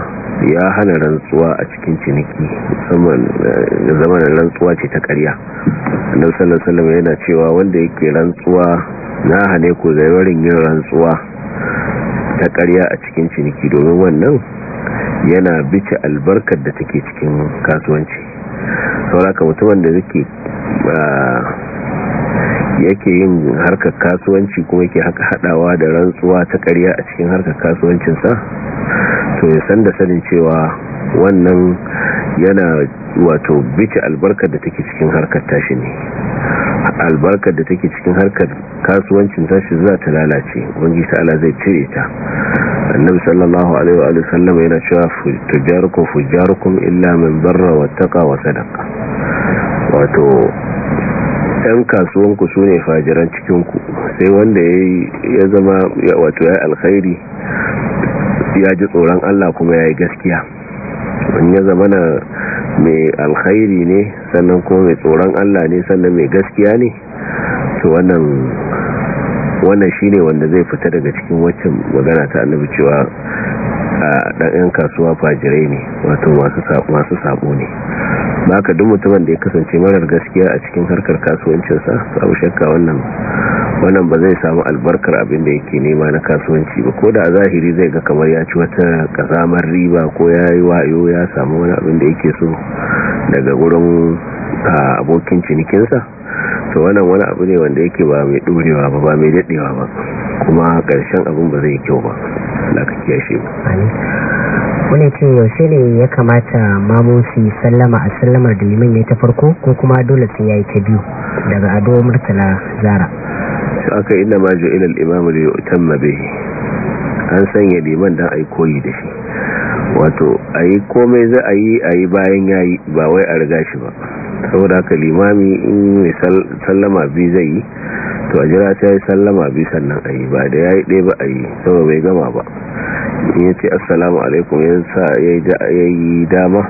S3: ya hana rantsuwa a cikin ciniki musamman eh, zamanin rantsuwa ce ta karya annabi sallallahu alaihi wasallam yana cewa wanda yake rantsuwa na hane ku zaiwarin yin rantsuwa ta karya a cikin ciniki domin wannan yana bice albarkar da take cikin kasuwanci ka mutumin da zake ah, yake yin harkar kasuwanci kuma yake haɗawa da rantsuwa ta ƙarya a cikin harkar kasuwancinsa to ya san da sanin cewa wannan yana wato bice albarkar da take cikin harkar tashi ne albarkar da take cikin harkar kasuwancin tashi za ta lalace wani ala zai cire ta annabi sallallahu alaihi wa sallam yana cewa tujarukum fujarukum illa min barra taqa wa sadaqa wato yan kasuwan ku sune fajiran cikin ku sai wanda yayi ya zama wato ya alkhairi ya ji tsoron Allah kuma yayi gaskiya wani ya zama na mai alkhairi ne sannan kuma mai tsoron Allah ne sannan mai gaskiya ne to wannan wannan shine wanda zai fita daga cikin waccan magana ta annabi cewa dan yan kasuwa fajirai ne wato masu sabo ne baka duk mutumin da ya kasance marar gaskiya a cikin harkar kasuwancinsa babu shakka wannan wannan ba zai samu albarkar abin da yake nema na kasuwanci ba ko da a zahiri zai ga kamar ya ci wata kazamar riba ko ya yi wayo ya samu wani abin da yake so daga wurin abokin cinikinsa to wannan wani abu ne wanda yake ba mai dorewa ba ba mai dadewa ba kuma ƙarshen abin ba zai kyau ba da ka kiyashe ba.
S2: wani ce yaushe ne ya kamata mamun su sallama a sallamar da liman ya ta farko ko kuma dole sun yayi yi ta biyu daga ado murtala zara
S3: shi aka inda ma ji ilal imamu da ya utamma an sanya liman don a yi koyi da shi wato a yi komai za a yi a yi bayan yayi ba wai a riga shi ba saboda haka limami in mai sallama bi zai yi to a jira sai yi sallama bi sannan a yi ba da ya yi ɗaya ba a yi saboda bai gama ba in yi ce assalamu alaikum ya yi dama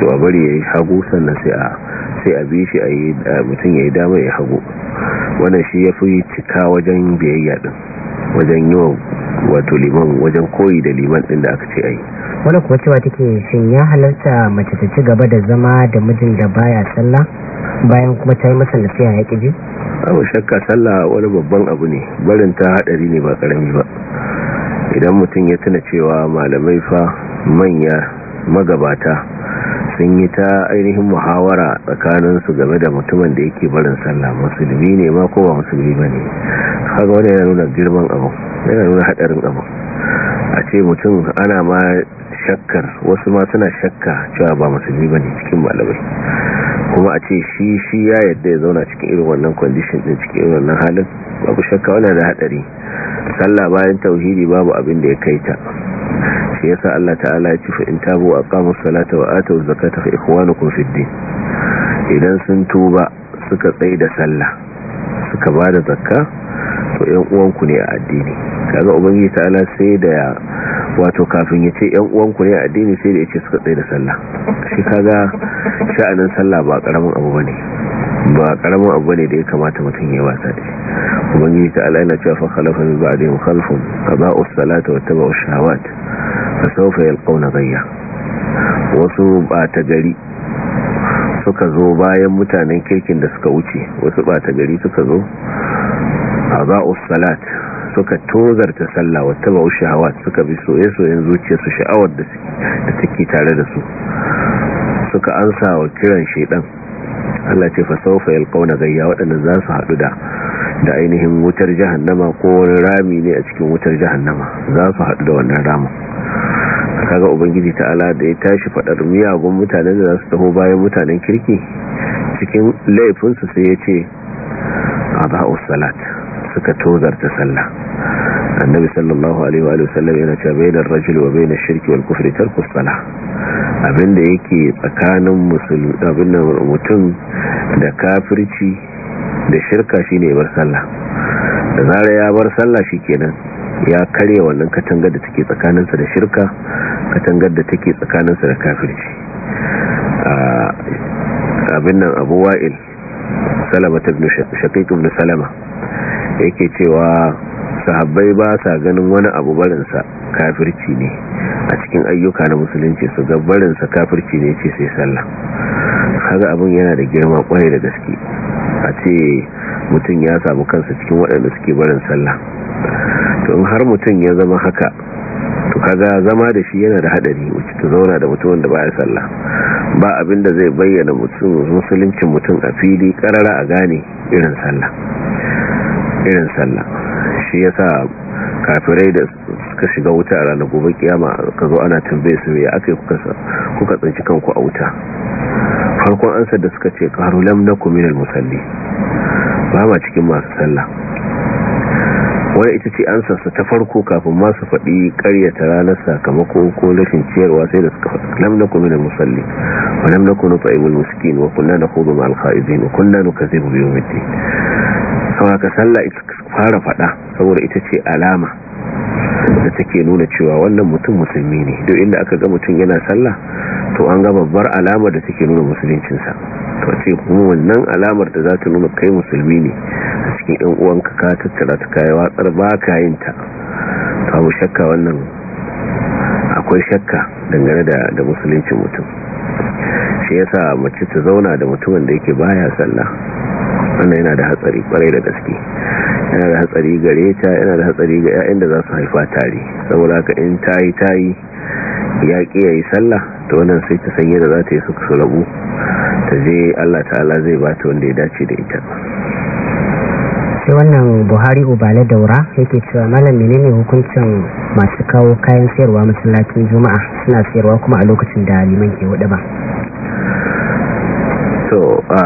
S3: to a bari ya yi hagu sannan sai a bi shi a mutum ya yi dama ya hagu wannan shi ya fi cika wajen biyayya din wajen yawan wato liman wajen koyi da liman din da aka ce ai
S2: wani kuma cewa take shin ya halarta mace ta ci gaba da zama da mijin da baya sallah bayan kuma ta yi masa nasiha ya ƙi ji
S3: abu shakka sallah wani babban abu ne barin ta haɗari ne ba ƙarami ba idan mutum ya tuna cewa malamai fa manya magabata sun yi ta ainihin muhawara tsakaninsu game da mutumin da yake barin sallah musulmi ne ma ko ba musulmi ba ne haka wani yana nuna girman abu yana nuna haɗarin abu a ce mutum ana ma shakkar wasu ma suna shakka cewa ba musulmi ba ne cikin malamai kuma a ce shi shi ya yadda ya zauna cikin irin wannan kwandishin din cikin irin wannan halin babu shakka wannan da haɗari sallah bayan tauhidi babu abin da ya kai ta shi yasa Allah ta'ala ya ce fa in tabu aqamu salata wa atu zakata fa ikhwanukum fid din idan sun tuba suka tsaye da sallah suka bada zakka to ƴan uwanku ne a addini kaga ubangiji ta'ala sai da wato kafin ya ce ƴan uwanku ne a addini sai da yace suka tsaye da sallah shi kaga sha'anin sallah ba karamin abu bane ba karamin abu ne da ya kamata mutum ya wasa da ubangiji ta'ala yana cewa fa khalafa min ba'dihim khalfun qada'u salata wa tabu'u shahawat da saufa gayya wasu ba ta gari suka zo bayan mutanen kirkin da suka wuce wasu ba ta gari suka zo A aza'us salat suka tozarta sallah wata ba hawa suka bi soye-soyen zuciyarsu sha'awar da suke tare da su suka ansa wa kiran shaidan Allah ce fasaufa yalqauna gayya waɗanda za su haɗu da da ainihin wutar jihannama ko wani rami ne a cikin wutar jihannama za su haɗu da wannan ramin kaga ubangiji ta'ala da ya tashi fadar miyagun mutanen da za su taho bayan mutanen kirki cikin laifinsu sai ya ce a ba'u salat suka tozarta sallah annabi sallallahu alaihi wa sallam yana cewa rajul wa bainar shirki wal kufri tarku salah abinda yake tsakanin musulmi abin mutum da kafirci da shirka shine bar sallah da zara ya bar sallah shikenan ya karya wannan katangar da take tsakaninsa da shirka katangar da take tsakaninsa da kafirci abin nan abu wa'il salama ta shaƙiƙ ibn salama yake cewa sahabbai ba sa ganin wani abu barinsa kafirci ne a cikin ayyuka na musulunci su ga barinsa kafirci ne ce sai sallah kaga abin yana da girma kwarai da gaske a ce mutum ya samu kansa cikin waɗanda suke barin sallah to in har mutum ya zama haka to kaga zama da shi yana da hadari wacce ta zauna da mutum wanda baya sallah ba abin da zai bayyana mutum musuluncin mutum a fili karara a gane irin sallah irin sallah shi yasa kafirai da suka shiga wuta a ranar gobe kiyama ka zo ana tambaye su ya aka kuka tsinci kanku a wuta farkon ansar da suka ce karulam na kuminal musalli ba ma cikin masu sallah wani ita ce ansarsa ta farko kafin masu faɗi ƙaryata ranar sakamako ko rashin ciyarwa sai da suka faɗi lam na kuma da musalli wa lam na kuma fa'imul muskin wa kunna na kuma alfa'izin wa kunna na kaze mu biyu mutu sauraka sallah ita fara faɗa saboda ita ce alama da take nuna cewa wannan mutum musulmi ne duk inda aka ga mutum yana sallah to an ga babbar alama da take nuna musuluncinsa to ce kuma wannan alamar da za ta nuna kai musulmi ne a cikin 'yan uwanka ka tattara ta kayi watsar ba ka yin ta babu shakka wannan akwai shakka dangane da musuluncin mutum shi yasa mace ta zauna da mutumin da yake baya sallah wannan yana da hatsari kwarai da gaske yana da hatsari gare ta yana da hatsari ga 'ya'yan da za su haifa tare saboda ka in tayi tayi ya ƙi yi sallah ta wannan sai ta sanya da za ta yi suka sulabu ta je Allah ta'ala zai ba ta wanda ya dace da ita
S2: sai wannan buhari ubale daura yake cewa malam menene hukuncin masu kawo kayan sayarwa masallacin juma'a suna sayarwa kuma a
S3: lokacin da liman ke wada ba so a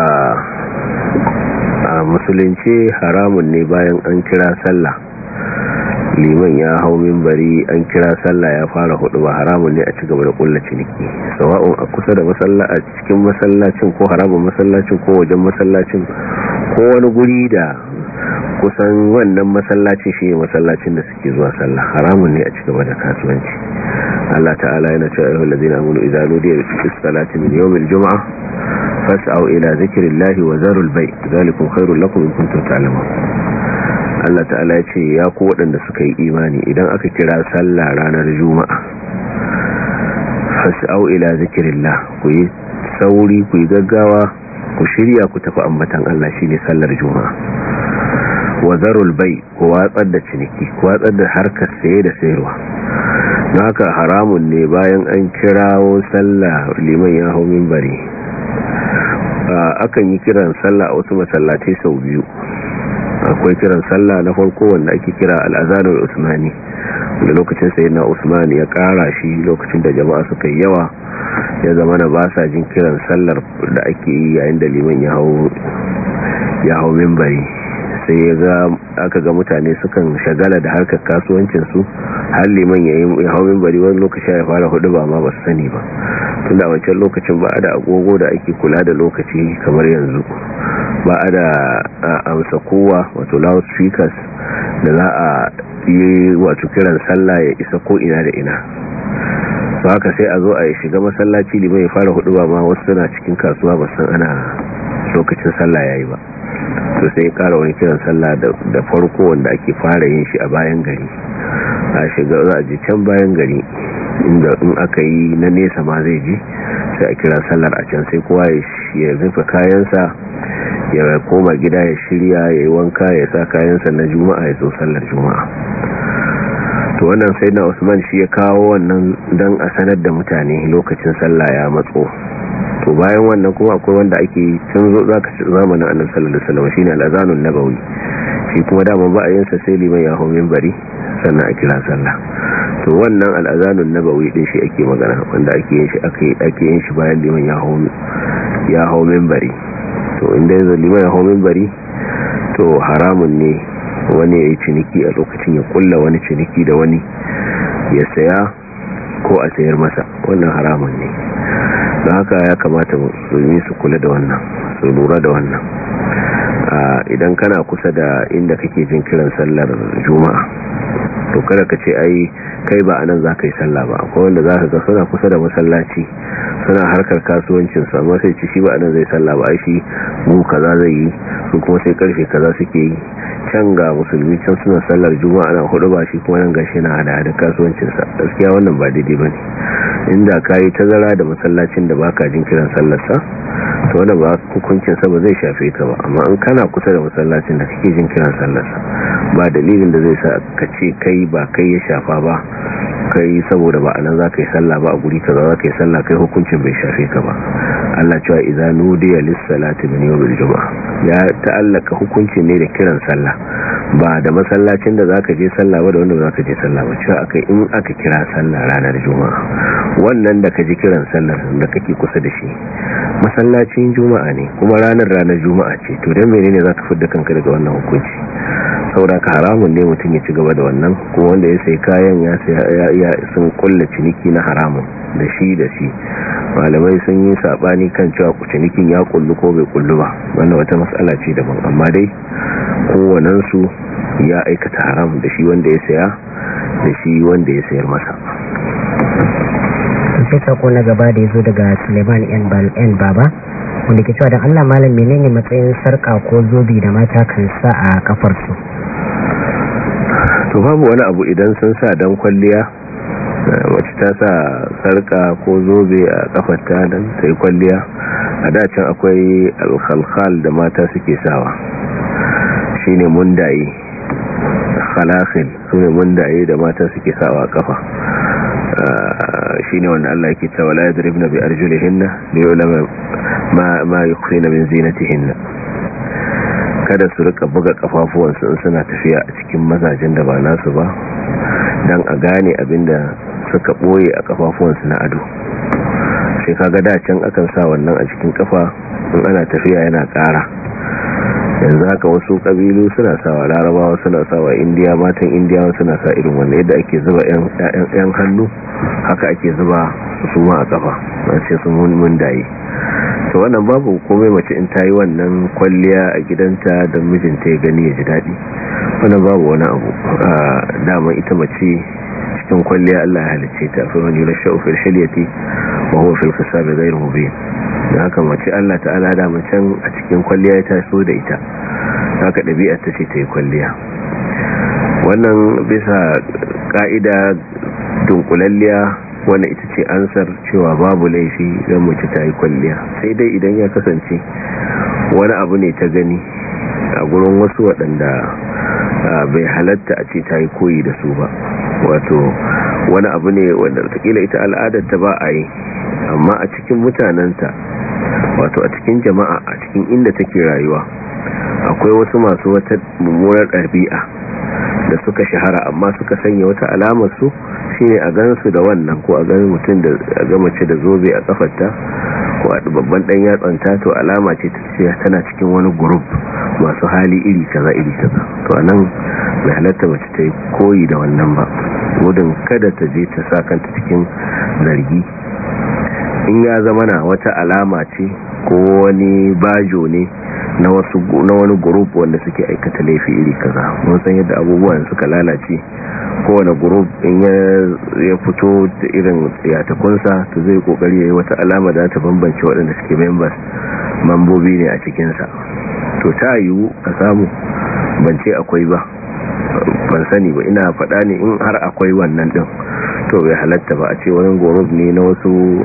S3: musulunci haramun ne bayan an kira sallah liman ya hau mimbari an kira sallah ya fara hudu ba haramun ne a ci gaba da kulla ciniki sawa'un a kusa da a cikin masallacin ko haramun masallacin ko wajen masallacin ko wani guri da kusan wannan masallaci shi masallacin da suke zuwa sallah haramun ne a ci gaba da kasuwanci Allah ta'ala yana cewa ayyuhal ladina amanu idza nudiya lis salati min yawmil jum'ah fas'au ila dhikrillahi wa zarul bayt dhalikum khairul lakum in kuntum ta'lamun Allah ta'ala ya ce ya ku waɗanda suka yi imani idan aka kira sallah ranar juma'a fas'au ila zikirillah ku yi sauri ku yi gaggawa ku shirya ku tafi ambatan Allah shine sallar juma'a wa zarul bai ku watsar da ciniki ku watsar da harkar saye da sayarwa don haka haramun ne bayan an kirawo sallah liman ya hau bari. akan yi kiran sallah a wasu masallatai sau biyu akwai kiran sallah na farko wanda ake kira al'azanul usmani da lokacin sai na usmani ya kara shi lokacin da jama'a suka yi yawa ya zama na ba sa jin kiran sallar da ake yi yayin da liman ya hau ya hau mimbari sai ya ga aka ga mutane sukan shagala da harkar kasuwancin su har liman ya yi haumin bari wani lokaci ya fara hudu ba ma ba su sani ba tun da wancan lokacin ba a da agogo da ake kula da lokaci kamar yanzu ba a da amsa kowa wato loudspeakers da za a yi wato kiran sallah ya isa ko ina da ina ba haka sai a zo a shiga masallaci liman ya fara hudu ba ma wasu suna cikin kasuwa ba san ana lokacin sallah yayi ba to sai ya kara wani kiran sallah da farko wanda ake fara yin shi a bayan gari a shiga za a je can bayan gari inda in aka yi na nesa ma zai ji sai a kira sallar a can sai kowa ya rufe kayansa ya koma gida ya shirya ya yi wanka ya sa kayansa na juma'a ya zo sallar juma'a to wannan sai na usman shi ya kawo wannan dan a sanar da mutane lokacin sallah ya matso to bayan wannan kuma akwai wanda ake tun zo za ka zamanin annan sallallahu alaihi shi ne al'azanun nabawi shi kuma dama ba a yin sa sai liman ya homin bari sannan a kira sallah to wannan al'azanun nabawi din shi ake magana wanda ake yin shi ake yin shi bayan liman ya hau ya homin bari to inda yanzu liman ya homin bari to haramun ne wani ya yi ciniki a lokacin ya kulla wani ciniki da wani ya saya ko a sayar masa wannan haramun ne da haka ya kamata su yi su kula da wannan su lura da wannan ah, idan kana kusa da inda kake jin kiran sallar juma'a to kada ka ce ai kai ba anan za ka yi sallah ba akwai wanda za ka ga suna kusa da masallaci suna harkar kasuwancin su amma sai ci shi ba anan zai sallah ba ai shi mu kaza zai yi su kuma sai karfe kaza suke yi can ga musulmi can suna sallar juma'a ana hudu ba shi kuma nan gashi na hada da kasuwancin sa gaskiya wannan ba daidai bane inda kai tazara da masallacin da baka jin kiran sallar sa to wannan ba hukuncin sa ba zai shafe ka ba amma in kana kusa da masallacin da kake jin kiran sallar sa ba dalilin da zai sa ka ce kai kai ba kai ya shafa ba kai saboda ba anan ka yi sallah ba a guri za ka yi sallah kai hukuncin bai shafe ka ba Allah cewa idza nudiya lis-salati min yawmil juma ya ta'allaka hukuncin ne da kiran sallah ba da masallacin da za ka je sallah ba da wanda za ka je sallah ba cewa akai in aka kira sallah ranar juma'a wannan da ka ji kiran sallar da kake kusa da shi masallacin juma'a ne kuma ranar ranar juma'a ce to dan menene za zaka fidda kanka daga wannan hukunci sauraka ka haramun ne mutum ya ci gaba da wannan ko wanda ya sai kayan ya sun kulla ciniki na haramun da shi da shi malamai sun yi sabani kan cewa cinikin ya kullu ko bai kullu ba wannan wata matsala ce daban amma dai kowannen su ya aikata haram da shi wanda ya saya da shi wanda ya sayar masa
S2: sai sako na gaba da ya zo daga suleiman yan baba wanda ke cewa don allah malam menene matsayin sarka ko zobi da mata kan sa a kafarsu
S3: to babu wani abu idan sun sa dan kwalliya eh, wacce ta sa sarka ko zobe a kafarta don ta yi kwalliya a dacin akwai alkhalkhal da mata suke sawa shi ne mundaye su mundaye da mata suke sawa kafa eh, shi ne wanda Allah ke cewa da yadribna bi arjulihinna li yulama ma yukhfina min zinatihinna kada su rika buga kafafuwansu in suna tafiya a cikin mazajen da ba nasu ba don a gane abinda suka ɓoye a kafafuwansu na ado sai kaga dacin akan sa wannan a cikin kafa in ana tafiya yana ƙara yanzu haka wasu kabilu suna sawa larabawa suna sawa indiya matan indiya suna sa irin wanda yadda ake zuba yan hannu haka ake zuba su ma a kafa an ce sun mun daye to wannan babu komai mace in ta yi wannan kwalliya a gidanta don mijinta ya gani ya ji daɗi wannan babu wani abu ah, dama ita mace cikin kwalliya Allah ya halicce ta fa man yurashu fil hilyati wa huwa fil qisam zai rubi da haka mace Allah ta'ala da macen a cikin kwalliya ya taso da ita haka ɗabi'a ta ce ta yi kwalliya wannan bisa ƙa'ida, dunkulalliya wani ita ce ansar cewa babu laifi don mace ta yi kwalliya sai dai idan ya kasance wani abu ne ta gani a gurin wasu waɗanda ah, bai halatta a ce ta yi koyi da su ba wato wani abu ne wanda takila ita al'adar ta ba a yi amma a cikin mutanenta wato a cikin jama'a a cikin inda take rayuwa akwai wasu masu wata mummunar ɗabi'a da suka shahara amma suka sanya wata alamar su shine a gansu da wannan ko a gan mutum da a gamace da zobe a kafarta ko a babban ɗan yatsan ta to alama ce ta ce tana cikin wani group masu hali iri kaza iri kaza to a anan bai halatta mace ta yi koyi da wannan ba gudun kada ta je ta sa kanta cikin zargi in ya zama na wata alama ce ko wani bajo ne na wani group wanda suke aikata laifi iri kaza mun san yadda abubuwan suka lalace kowane group in ya fito da irin tsiyatakunsa to zai kokari ya yi wata alama da ta bambance waɗanda suke members mambobi ne a cikinsa. to ta yiwu a samu ban akwai ba ban sani ba ina faɗa ne in har akwai wannan din to bai halatta ba a ce wani group ne na wasu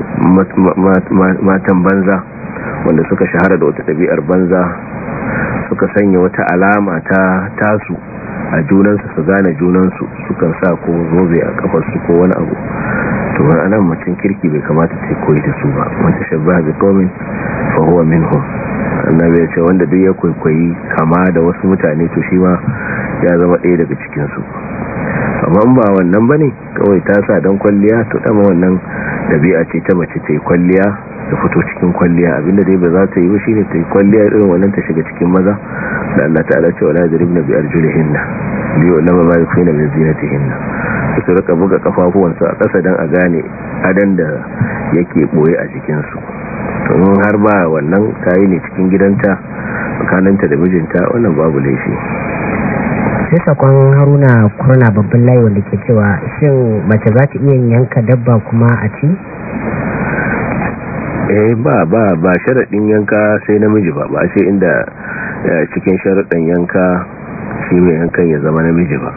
S3: matan banza wanda suka shahara da wata ɗabi'ar banza suka sanya wata alama ta tasu a junansu su gane junansu sukan sa ko zobe a kafarsu ko wani abu to anan macin kirki bai kamata ta koyi da su ba wata shabba bi qaumin fa huwa annabi ya ce wanda duk ya kwaikwayi kama da wasu mutane to shi ma ya zama ɗaya daga cikinsu. amma ba wannan ba ne, kawai ta sa dan kwalliya to dama wannan dabi'a ce ta mace ta yi kwalliya ta fito cikin kwalliya abinda dai ba za ta yi ba shine ta yi kwalliya irin wannan ta shiga cikin maza da Allah ta'ala cewa la yadribna bi arjulihinna li yulama ma yakuna min zinatihinna su rika buga kafafuwansu a kasa dan a gane adan da yake boye a cikin su domin har ba wannan ta yi ne cikin gidanta kananta da mijinta wannan babu laifi
S2: sai sakon haruna kurna babban layi wanda ke cewa shin mace za ta iya yanka dabba kuma a ci
S3: eh ba ba ba sharadin yanka sai namiji ba ba sai inda eh, cikin sharadin yanka shi mai yankan ya zama namiji ba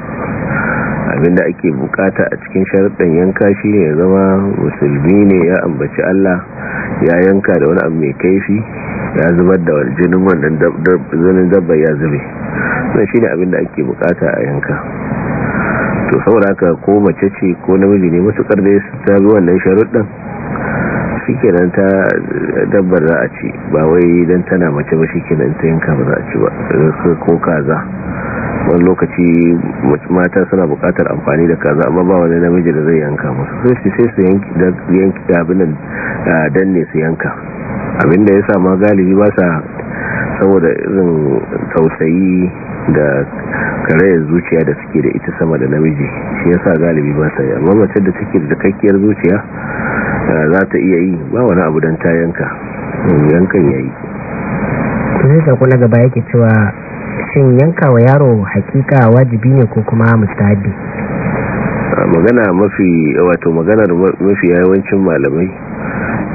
S3: abinda ake bukata a cikin sharadin yanka shi ne ya zama musulmi ne ya ambaci Allah ya yanka da wani abu mai kaifi ya zubar da jinin wannan zunin dabba ya zube sai shi ne abinda ake bukata a yanka to sauraka ko mace ce ko namiji ne mutukar da ya wannan sharuɗin shikenan ta dabbar za a ci ba wai dan tana mace ba shikenan ta yanka ba za a ci ba ko kaza wani lokaci mata suna bukatar amfani da kaza amma ba wani namiji da zai yanka masu sai su sai su yanki abinan danne su yanka abinda ya sa ma galibi ba sa saboda irin tausayi da karayar zuciya da suke da ita sama da namiji shi ya sa galibi ba sa yi amma mace da take da kakkiyar zuciya eh, za ta iya yi ba wani abu don ta yanka mm, yankan ya yi
S2: tunan sako na gaba yake cewa shin yanka wa yaro hakika wajibi ne ko kuma mustahabi
S3: magana mafi wato maganar mafi yawancin malamai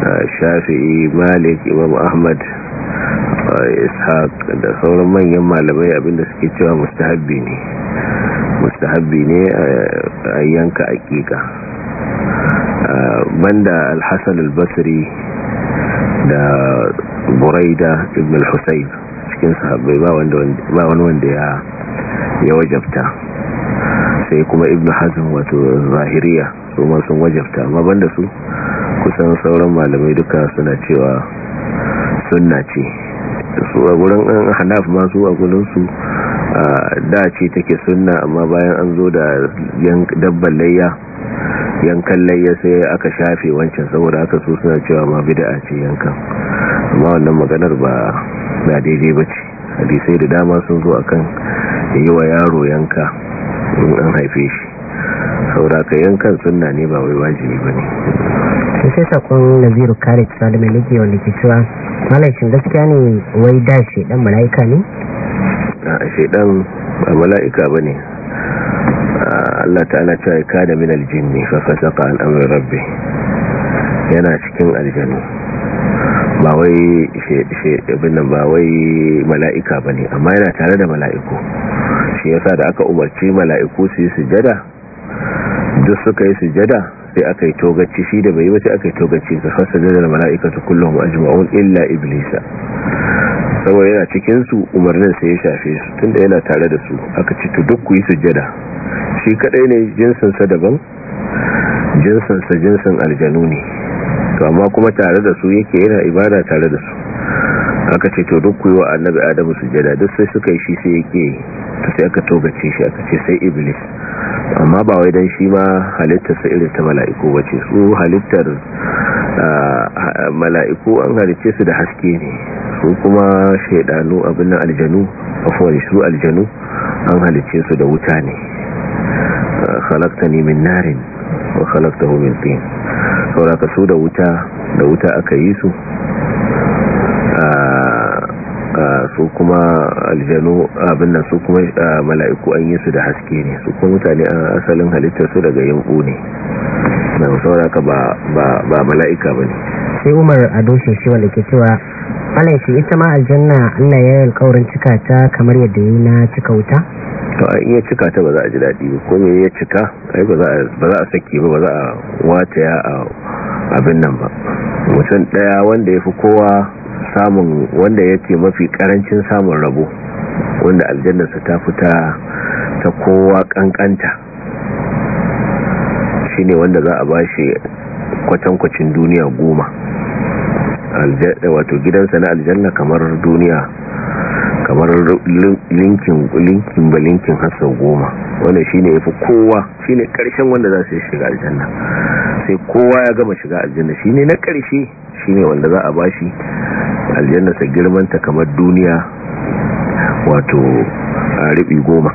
S3: eh, shafi'i malik imam ahmad ishaq da sauran manyan malamai abinda suke cewa mustahabbi ne mustahabbi ne eh, a yanka akika eh, banda alhassan basri da buraida ibn al-husayn cikin sahabbai ba wani wanda ya wajabta sai kuma ibn hazm wato zahiriya su ma sun wajabta amma banda su kusan sauran malamai duka suna cewa sunna ce su a gurin an hanaf masu a su da ce take suna amma bayan an zo da dabban layya yankan layya sai aka shafe wancan saboda aka su suna cewa ma bid'a ce yankan amma wannan maganar ba na daidai ba ce hadisai da dama sun zo akan yi wa yaro yanka in an haife shi ka yankan sunna ne ba wai wajibi ba ne
S2: sai sakon naziru kare tsali mai lake wanda ke cewa malaicin gaskiya ne wai da shaidan mala'ika ne?
S3: a shaidan ba mala'ika ba ne Allah ta'ala ta ka da minal jin ne fasaqa an amri rabbi yana cikin aljanu ba wai shaidan ba wai mala'ika ba ne amma yana tare da mala'iku shi yasa da aka umarci mala'iku su yi sujada duk suka yi sujada sai aka yi togaci shi da bai yi ba sai aka yi togaci su fasa da mala'ikatu kullum ajima'un illa iblisa saboda yana cikinsu su umarnin sai ya shafe su tunda yana tare da su aka ci duk ku yi sujada shi kadai ne jinsinsa daban jinsinsa jinsin aljanu ne to amma kuma tare da su yake yana ibada tare da su aka ce to duk kuwa wa annabi adamu sujada duk sai suka yi shi sai yake ta sai aka togace shi aka ce sai iblis amma ba wai dan shi ma halittar sa irin ta mala'iku bace su halittar mala'iku an halice su da haske ne su kuma shaidanu abin nan aljanu afwan su aljanu an halice su da wuta ne khalaqtani min narin wa khalaqtahu min tin saboda ka su da wuta da wuta aka yi su su kuma aljanu abin nan su kuma mala'iku an yi su da haske ne su kuma mutane an asalin halittar su daga yanku ne na sauraka ba mala'ika ba ne
S2: sai umar adoshin shi wanda ke cewa malam shi ita ma aljanna allah ya yi alkawarin cika ta kamar yadda yi na cika wuta
S3: to a iya cika ta ba za a ji daɗi ba ko ya cika ai ba za a sake ba ba za a wata ya abin nan ba mutum ɗaya wanda ya fi kowa samun wanda yake mafi karancin samun rabo wanda aljannarsa ta fita ta kowa kankanta shi ne wanda za a bashi kwatankwacin duniya goma wato gidansa na aljanna kamar duniya kamar linkin linkin ba linkin har goma wanda ya fi kowa shi ne karshen wanda za su shiga aljanna sai kowa ya gama shiga aljanna shi ne na karshe ne wanda za a ba shi aljanna ta girman ta kamar duniya wato a goma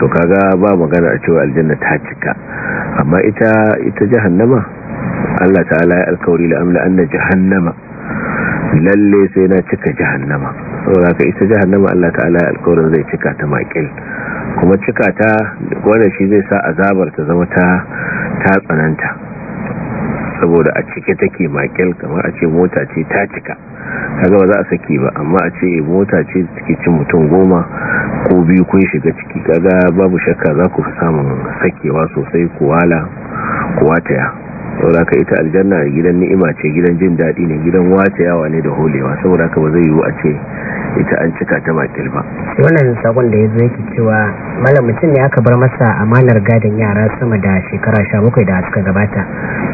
S3: to kaga ba magana a cewa aljanna ta cika amma ita ita jahannama Allah ta'ala ya alkawari la'amla amla jahannama lalle sai na cika jahannama saboda ka ita jahannama Allah ta'ala ya alkawarin zai cika ta makil kuma cika ta wanda shi zai sa azabar ta zama ta ta tsananta saboda a cike take makil kamar a ce mota ce ta cika kaga ba za a saki ba amma a ce mota ce take cin mutum goma ko biyu kun shiga ciki kaga babu shakka za ku fi samun sakewa sosai kuwala kuwataya saboda ka ita aljanna gidan ni'ima ce gidan jin daɗi ne gidan wata yawa ne da holewa saboda ka ba zai yiwu a ce ita an cika ta makil ba
S2: wannan sakon da ya zo yake cewa malam mutum ne aka bar masa amanar gadin yara sama da shekara sha bakwai da suka gabata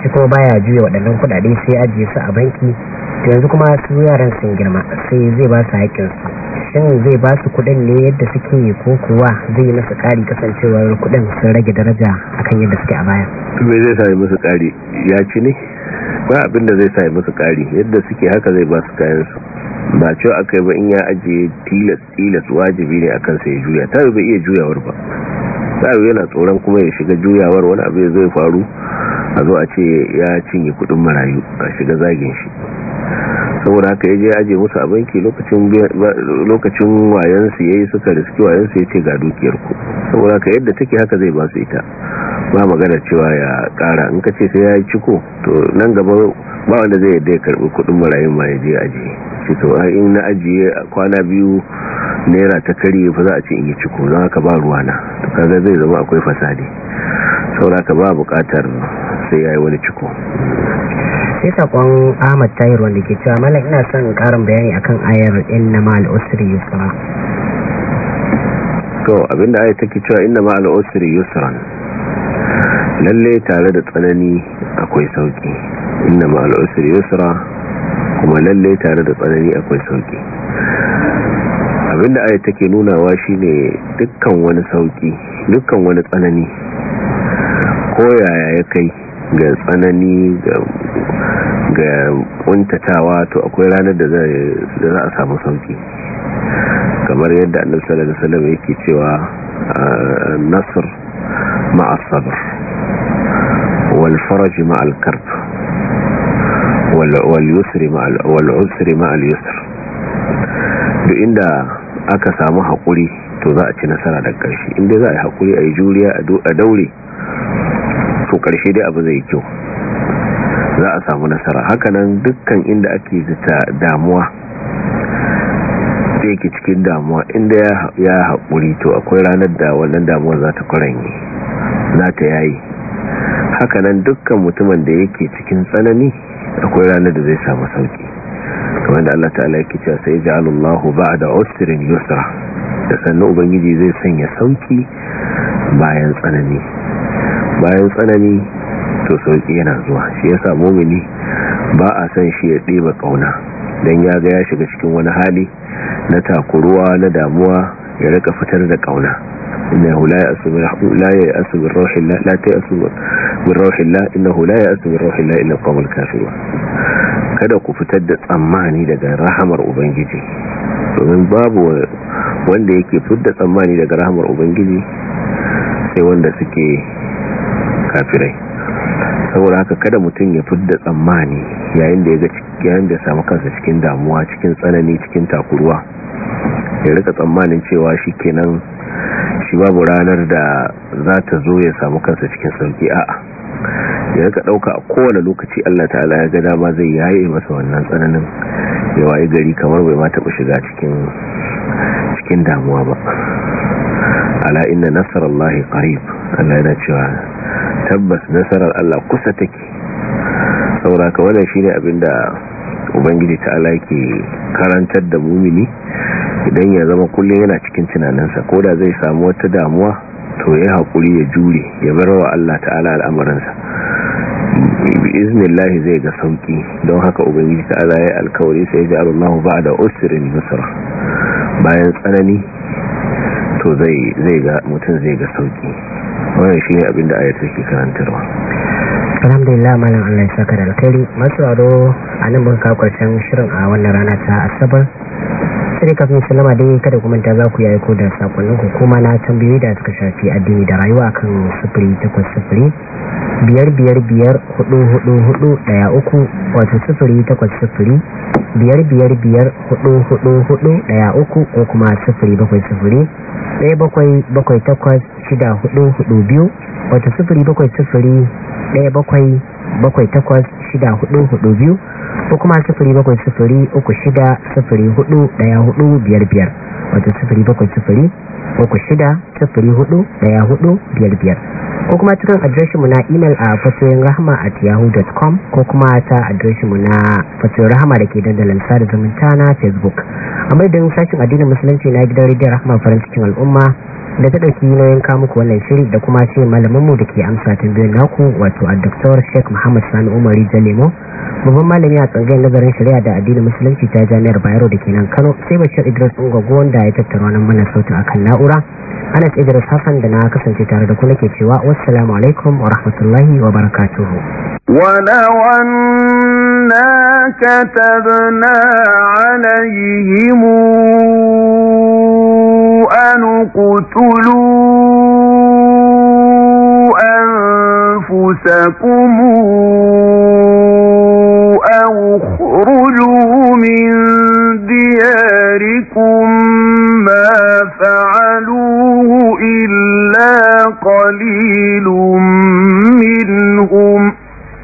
S2: shi kuma baya juya waɗannan kuɗaɗe sai ajiye su a banki yanzu kuma su yaran sun girma sai zai ba su shi ne zai ba su kuɗin ne yadda suke ko kuwa zai yi masa ƙari kasancewar kuɗin sun rage daraja akan yadda suke a baya
S3: me zai sami masu ƙari ya ci ne ba abin da zai sami musu ƙari yadda suke haka zai ba su kayansu ba cewa aka yi ba in ya ajiye tilas wajibi ne akan sai juya ta bai iya juyawar ba ta yana tsoron kuma ya shiga juyawar wani abu zai faru a zo a ce ya cinye kudin marayu a shiga zagin shi saboda haka ya je aje musu a banki lokacin wayansu ya yi suka riski wayansu ya ce ga dukiyarku saboda haka yadda take haka zai ba su ita ba magana cewa ya kara in ka ce sai ya yi ciko to nan gaba ba wanda zai yadda ya karbi kudin marayun ma ya je ajiye ce to in na ajiye kwana biyu naira ta karye fa za a ce in yi ciko don haka ba ruwana to kaga zai zama akwai fasadi saboda haka ba bukatar sai ya yi wani ciko sai
S2: sakon ahmad Tayar wanda ke cewa mana ina son karin bayani akan ayar inna ma al'usri yusra
S3: to abinda ayar take cewa inna ma al'usri yusra lalle tare da tsanani akwai sauki inna ma al'usri yusra kuma lalle tare da tsanani akwai sauki abinda ayar take nunawa shine dukkan wani sauki dukkan wani tsanani ko yaya ya kai ga tsanani ga kuntatawa to akwai ranar da za a samu sauki kamar yadda annabi da salama yake cewa ah, nasr ma'a walfaraji wal faraj ma'a duk inda aka samu haƙuri to za a ci nasara da ƙarshe inda za a yi hakuri a yi juriya a daure to karshe dai abu zai kyau za a samu nasara hakanan dukkan inda ake zata damuwa da yake cikin damuwa inda ya haƙuri to akwai ranar da wannan damuwar za ta kwaranye za ta yayi hakanan dukkan mutumin da yake cikin tsanani akwai ranar da zai samu sauki kamar da Allah ta'ala yake cewa sai ja'alallahu ba'da usrin yusra da sannan ubangiji zai sanya sauki bayan tsanani bayan tsanani to sauki yana zuwa shi yasa mumini ba a san shi ya ɗeba ƙauna don ya ga ya shiga cikin wani hali na takuruwa na damuwa ya rika fitar da ƙauna innahu la ya'asu min la ta'asu kada ku fitar da tsammani daga rahamar ubangiji domin babu wanda yake fitar da tsammani daga rahamar ubangiji sai wanda suke kafirai saboda haka kada mutum ya fidda tsammani yayin da ya ga yayin da samu kansa cikin damuwa cikin tsanani cikin takuruwa ya rika tsammanin cewa shi kenan shi babu ranar da za ta zo ya samu kansa cikin sauki a'a ya rika ɗauka a kowane lokaci Allah ta'ala ya ga dama zai yaye masa wannan tsananin ya waye gari kamar bai ma ba shiga cikin damuwa ba ala inna nasarallahi karib Allah yana cewa tabbas nasarar Allah kusa take sauraka wannan shine da ubangiji ta ala ke karantar da mumini idan ya zama kullum yana cikin tunaninsa ko da zai samu wata damuwa to ya haƙuri ya jure ya bar wa Allah ta'ala al'amuransa bi zai ga sauƙi don haka ubangiji ta ala ya alkawari sai ya Allahu da osirin yusra bayan tsanani to zai zai ga mutum zai ga sauƙi. wani shi ne abin da ayat take karantarwa
S2: alhamdulillah malam Allah ya saka da alkhairi masu aro a nan mun kawo karshen shirin a wannan rana ta asabar sai kafin salama dai kada ku manta za ku yayi aiko da sakonnin hukuma na tambayoyi da suka shafi addini da rayuwa kan sufuri takwas sufuri biyar biyar biyar hudu hudu hudu daya uku wato sufuri takwas sufuri biyar biyar biyar hudu hudu hudu daya uku ko kuma sufuri bakwai sufuri daya bakwai bakwai takwas shida hudu hudu biyu wato sufuri bakwai sufuri daya bakwai bakwai takwas shida hudu hudu biyu ko kuma sufuri bakwai sufuri uku shida sufuri hudu daya hudu biyar biyar wato sufuri bakwai sufuri uku shida sufuri hudu daya hudu biyar biyar ko kuma cikin adireshin mu na imel a fatoyin rahama at com ko kuma ta adireshin mu na fatoyin rahama da ke dandalin sada zumunta na facebook a maidan sashen addinin musulunci na gidan rediyon rahama farin cikin al'umma da ta ɗauki nauyin muku wannan shiri da kuma ce malaminmu da ke amsa tambayar naku wato a Dr. Sheikh Muhammad Sani Umar Jalemo babban malami a tsangayar nazarin shari'a da addinin musulunci ta jami'ar Bayero da ke nan Kano sai Bashir Idris Ungogo wanda ya tattara wannan mana sautin akan na'ura Anas Idris Hassan da na kasance tare da ku ke cewa wassalamu alaikum wa rahmatullahi wa barakatuhu
S1: كتبنا أن اقتلوا أنفسكم أو اخرجوا من دياركم ما فعلوه إلا قليلا